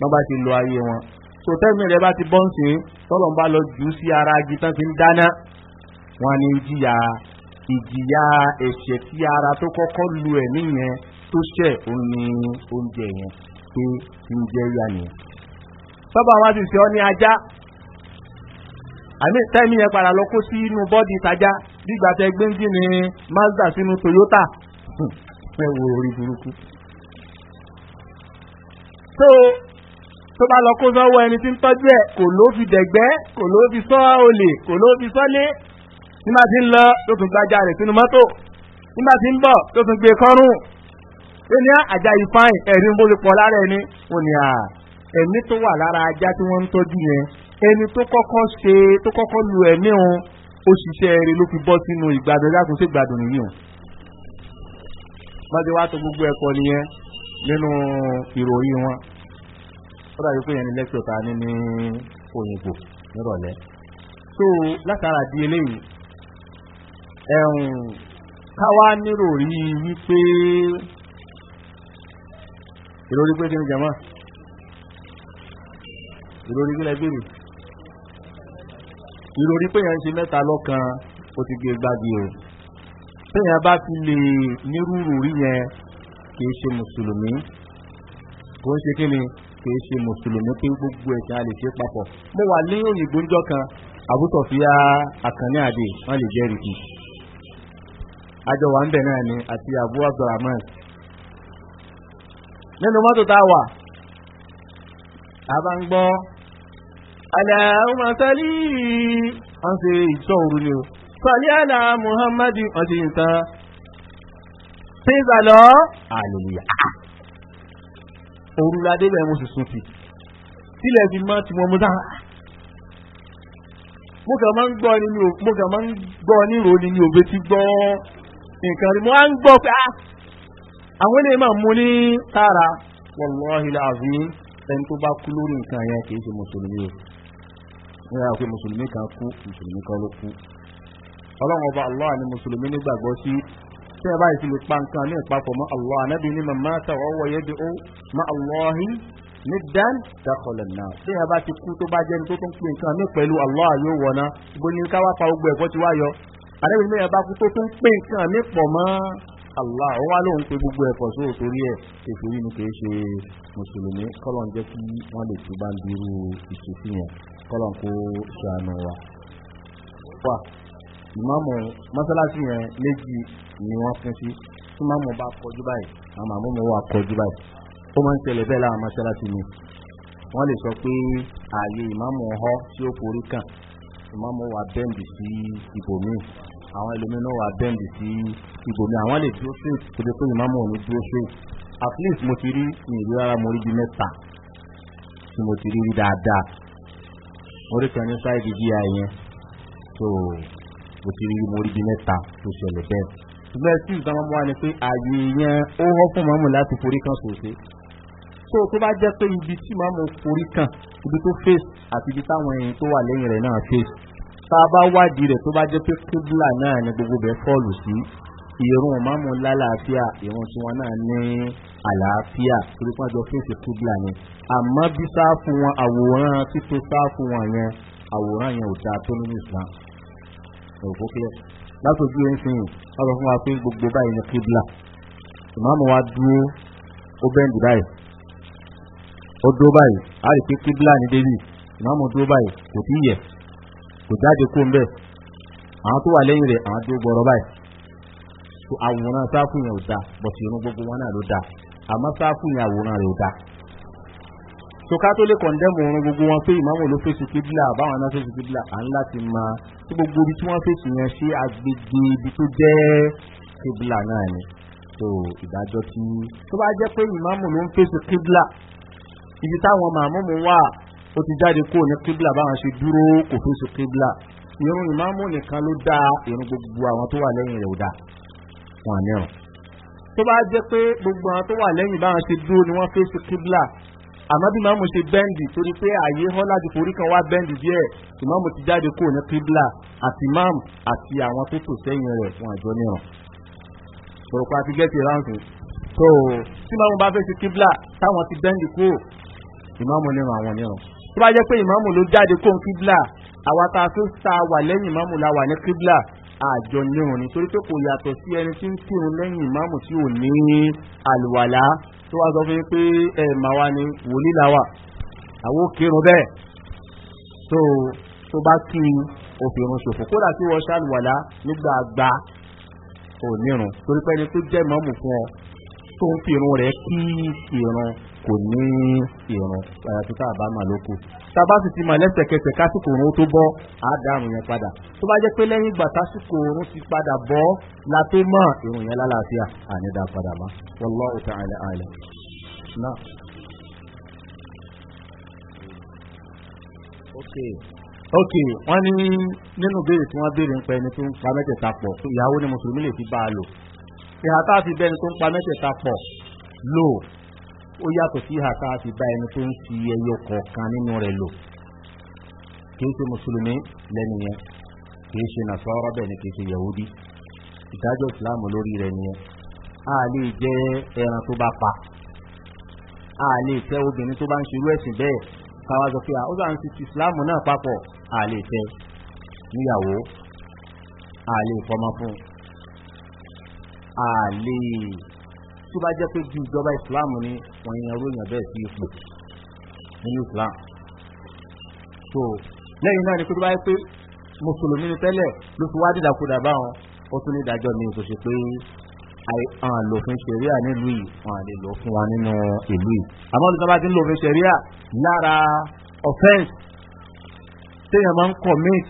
wọn bá ti lo ayé wọn tòtẹ́mi rẹ bá ti bọ́ǹsì tọ́lọ̀ ń bá lọ jù ú sí ara agi tán fi ń dáná wọn ní ìjìyà ìjìyà ẹ̀ṣẹ̀ tí ara tó kọ́kọ́ lu ẹ̀ nìyẹn tó ṣẹ̀ òun ní oúnjẹ yẹn pé oúnjẹ yà nìyẹn. tọ́ba wa sì ṣe ọ́ ní ajá àmì tẹ́mi yẹn padà lọ kó sí inú bọ́ọ̀dì ìtajà nígbà tẹ gbẹ́ngì ní mazda sínú toyota ẹ wo orí burúkú. tó tó bá lọ kó sọ́wọ́ ẹni tí ń tọ́jú ẹ̀ kò ló fi dẹ̀gbẹ́ kò ló fi sọ́ olè kò ló fi sọ́lé nígbà tí ń lọ ló tún gbajà rẹ̀ sínú mọ́tò nígbà tí ń bọ̀ ló tún gbé e kọ́rùn ó ní àjà ah, ìfáìn ẹ̀rí bó ti pọ̀ lára ẹni ó ní à ah, ẹ̀mí tó wà lára ajá tí wọ́n ń tọ́jú yẹn ẹni tó kọ́kọ́ ṣe tó kọ́kọ́ lu ẹ̀mí òun ó ṣiṣẹ́ ló fi bọ́ sínú ìgbàdùn lákùn sí ìgbàdùn nìyí o bọ́dé wá tó gbogbo ẹ̀kọ́ nìyẹn nínú ìròyìn wọn ó dàbí so látara di eléyìí káwá nírò rí wípé ìròrí pé kí ni jama ìròrí kí lẹ bèrè ìròrí pé yẹn ń ṣe mẹ́ta lọ́kan ó ti gbé gbági o téèyàn bá ti lè nírúurú rí yẹn kìí ṣe mùsùlùmí kò ń ṣe kí ni kìí ṣe mùsùlùmí pé gbogbo ẹ̀sìn a lè ṣe papọ̀ mo wà ní òyìnbó ńjọ́ kan àbútọ̀fíà àkànní àdè wọ́n lè jẹ́rìí kìí àjọ wà ń bẹ̀ náà ni àti abu abdulrahman nínú mọ́tò tá a wà a bá ń gbọ́ alẹ́ ọmọ sálí wọ́n ṣe ìtọ́ òru ni o sọ̀lí àlà muhammadu wọ́n ṣe nǹkan pínzà lọ àlèlúyà òru la débẹ̀ mo sì sùn sí sílẹ̀ fi mọ́ tí mo mú dáhà mo kàn máa ń gbọ́ ní ìròyìn ní òbí tí gbọ́ nǹkan rí mo á ń gbọ́ pé ah, àwọn ilé máa mú ní tààrà wọ̀lọ́hì láàbí ẹni tó bá kú lórí nǹkan yẹn kìí ṣe mùsùlùmí o ní àwọn pé mùsùlùmí kan kú mùsùlùmí kan ló kú ọlọ́run ọba allah ni mùsùlùmí nígbàgbọ́ sí tẹ́ ẹ báyìí ti lè pa nǹkan ní ìpapọ̀ mọ́ allah anábì ní màmá tàwọ́wọ́ yẹ́ di ó mọ́ allahi ní dan dákọlẹ̀ náà tí ẹ bá ti kú tó bá jẹ́ni tó tún pè nǹkan ní pẹ̀lú allah yóò wọ̀ gbóni káwá pa ogbó ẹ̀kọ́ ti wáyọ àdébìnrin mẹ́rin bá kú tó tún pé nǹkan mi pọ̀ mọ́ Allah ó wá lóun pé gbogbo ẹ̀fọ́ sóò torí ẹ̀ kèfèrí ni kìí ṣe mùsùlùmí kọ́lọ̀ ń jẹ́ kí wọ́n lè tún bá ń dirú ìṣèṣì yẹn kọ́lọ̀ kó ṣàánú wa. wà ìmáàmù mọ́sálásí yẹn méjì ni wọ́n fún sí tí máàmù bá kọjú báyìí àwọn màmú mi wà kọjú báyìí ó máa ń tẹ̀lé bẹ́ẹ̀ láwọn mọ́sálásí mi wọ́n lè sọ pé ààyè ìmáàmù ọ̀họ́ tí ó forí kàn ìmáàmù wà bẹ́ǹdì àwọn ẹlòmínú wa bẹ́ǹdì sí ibòmí àwọn lè dúró straight tó dé pé ìmáàmù òní dúró straight at least mo ti rí ní ìlú ara mo rí bí mẹ́ta tí mo ti rí rí dáadáa mo rí kan ní sáìdì bí i yẹn tó mo ti rí mo rí bí mẹ́ta tó ṣẹlẹ̀ bẹ́ẹ̀ ṣùgbọ́n ẹtí ìgbàmọ́ wa ni pé ààyè yẹn ó họ́ fún màmú láti forí kan sòṣe tó tó bá jẹ́ pé ibi tí màmú forí kan ibi tó face àti ibi táwọn ẹ̀yìn tó wà lẹ́yìn rẹ̀ náà face tá a bá wádìí rẹ̀ tó bá jẹ́ pé kíbla náà ni gbogbo bẹ́ẹ̀ fọ́ọ̀lù sí irun mọ́mú lálàáfíà irun tí wọ́n náà ní àlàáfíà torí pé àjọ fèsì kíbla ni àmọ́ bí sáfù wọn àwòrán títò sáfù wọn yẹn àwòrán yẹn ò dáa tó nínú islam òkú kílẹ̀ látòjú ẹ̀ ń sìn wọ́n sọ fún wa pé gbogbo báyìí ni kíbla ìmáàmù wa dúró ó bẹ́ǹdì báyìí ó dúró báyìí á rí pé kíbla ni débì ìmáàmù dúró báyìí kò jáde kó ń bẹ̀ àwọn tó wà lẹ́yìn rẹ̀ àwọn tó gbọ́rọ̀ báyìí so àwòrán sáfù yẹn ò da bọ̀tì irun gbogbo wọn náà ló da àmọ́ sáfù yẹn àwòrán rẹ̀ ò da so ká tó lè kọ̀ndẹ́mù orun gbogbo wọn pé ìmáàmù ló fèsì kíbílà báwọn náà fèsì kíbílà à ń láti mọ tí gbogbo ibi tí wọ́n fèsì yẹn ṣe agbègbè ibi tó jẹ́ kíbílà náà ni so ìdájọ́ tí tó bá jẹ́ pé ìmáàmù ló ń fèsì kíbílà ibi táwọn màmúmù ó ti jáde kó ní kíbla báwọn ṣe dúró kò fi ṣe kíbla irun ìmáàmù nìkan ló dá irun gbogbo àwọn tó wà lẹ́yìn rẹ̀ ò dá wọn ní ọ̀rọ̀ tó bá jẹ́ pé gbogbo àwọn tó wà lẹ́yìn báwọn ṣe dúró ni wọ́n fi ṣe kíbla àmọ́ bí ìmáàmù ṣe bẹ́ǹdì torí pé ààyè hàn láti forí kan wá bẹ́ǹdì díẹ̀ ìmáàmù ti jáde kó ní kíbla àti ìmáàmù àti àwọn tó tò sẹ́yìn rẹ̀ fún àjọ níran òrùka àti gẹ́tì ráǹtì tó ìmáàmù bá fẹ́ ṣe kíbla táwọn tó bá jẹ́ pé ìmáàmù ló jáde kó ń kíbla àwa tá a tó sa wà lẹ́yìn ìmáàmù la wà ní kíbla àjọ nírun ni torí pé kò yàtọ̀ sí ẹni tí ń kírun lẹ́yìn ìmáàmù tí ò ní àlùwàlá tó wá sọ fún pé ẹ mà wá ni wòlíì la wà àwọn ò kírun bẹ́ẹ̀ tó tó bá kí òfìrun ṣòfò kódà tí wọ́n ṣàlùwàlá nígbà àgbà ò nírun torí pé ẹni tó jẹ́ ìmáàmù fún ọ tó ń fi irun rẹ̀ kí irun kò ní ìrùn àyàfi tá a bá mà lóko tá a bá sì ti mọ̀ lẹ́sẹ̀kẹsẹ̀ kásìkò òun tó bọ́ á dá àrùn yẹn padà tó bá jẹ́ pé lẹ́yìn ìgbà tásìkò òun ti padà bọ́ la tó mọ̀ ìrùn yẹn lálàáfíà àní dá padà mọ́ wallahu ta'ala a'lam. ok ok wọ́n ní nínú béèrè tí wọ́n béèrè ń pa ẹni tó ń pa mẹ́tẹ̀ẹ̀ta pọ̀ ìyàwó ni mùsùlùmí lè fi bá a lò ìhà tá a fi bẹ́ni tó ń pa mẹ́tẹ̀ẹ̀ta pọ̀ lò ó yàtọ̀ sí ìhà tá a ti bá ẹni tó ń fi ẹyọ kọ̀ọ̀kan nínú rẹ̀ lò kìí ṣe mùsùlùmí lẹ́nu yẹn kìí ṣe nàṣọ́rọ́ bẹ́ẹ̀ ni kìí ṣe yahudi ìdájọ́ ìsìláàmù lórí rẹ̀ nìyẹn a lè jẹ́ ẹran tó bá pa a lè fẹ́ obìnrin tó bá ń ṣerú ẹ̀sìn bẹ́ẹ̀ káwá sọ pé ó bá ń fi ti ìsìláàmù náà papọ̀ a lè fẹ́ níyàwó a lè fọmọ fún a lè tó bá jẹ́ pé ju ìjọba islam ni wọ́n yan ròyìn bẹ́ẹ̀ sí ipò nínú islam so lẹ́yìn náà ni pé tó bá yẹ pé mùsùlùmí ni tẹ́lẹ̀ ló fi wá dìdàkudà báwọn ó tún ní ìdájọ́ mi tó ṣe pé àwọn lòfin ṣẹ̀ríà nílùú yìí wọn lè lò fún wa nínú ìlú yìí àmọ́ olùsọ́ bá ti ń lòfin ṣẹ̀ríà lára offence téèyàn máa ń commit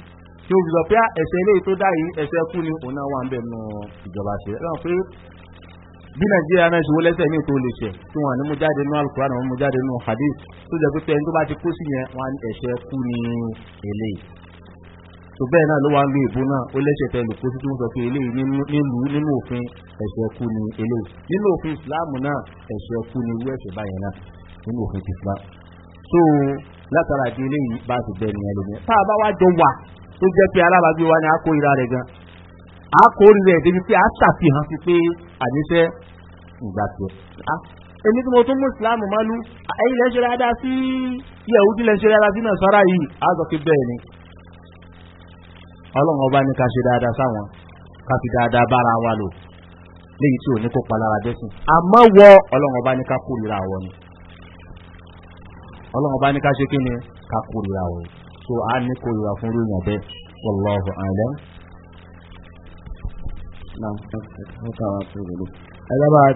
tí ó fi sọ pé ah, ẹ̀ṣẹ̀ eléyìí tó dá yìí ẹ̀ṣẹ̀ kú ni òun náà wà ń bẹ̀ nù ìjọba ṣe é lọ́wọ́ pé bí nàìjíríà náà ṣe wọlé ẹsẹ̀ ní ètò olùṣẹ̀ tí wọ́n ní mú jáde nínú alukuran àwọn mú jáde nínú hadith tó jẹ́ pípẹ́ ẹni tó bá ti kó sí yẹn wọ́n á ní ẹ̀ṣẹ̀ kú ní èlé tó bẹ́ẹ̀ náà ló wá ń lo ìbò náà ó lẹ́sẹ̀ tẹ̀lé kó sí tó ń sọ pé eléyìí nílùú nínú òfin ẹ̀ṣẹ̀ kú ní èlé nínú òfin islam náà ẹ̀ṣẹ̀ kú ní irú ẹ̀ṣẹ̀ báyẹn náà nínú òfin ti islam so látara di eléyìí bá ti bẹ́ẹ̀ wa ni a kó ira rẹ̀ gan a kó rí rẹ̀ débi pé a ṣàfihàn sí pé àníṣẹ́ ìgbà tiẹ̀. èmi tí mo tún mú ìsìlámù máa lu ẹ̀yin lẹ́sẹ̀ dáadáa sí yẹ̀wùdí lẹ́sẹ̀ dáadáa sí náà sára yìí á sọ pé bẹ́ẹ̀ ni. ọlọ́run ọba ní ká ṣe dáadáa sáwọn ká fi dáadáa bára wa lò léyìí tí ò ní kó palára dẹ́sìn. àmọ́ wọ ọlọ́run ọba ní ká kórìíra wọ ni. ọlọ́run ọba ní ká ṣe kí ni ká kórìíra wọ so a ní kórìíra fún rúyìn ọ̀bẹ wọlọ́ọ̀fù àìlẹ́mù náà ẹ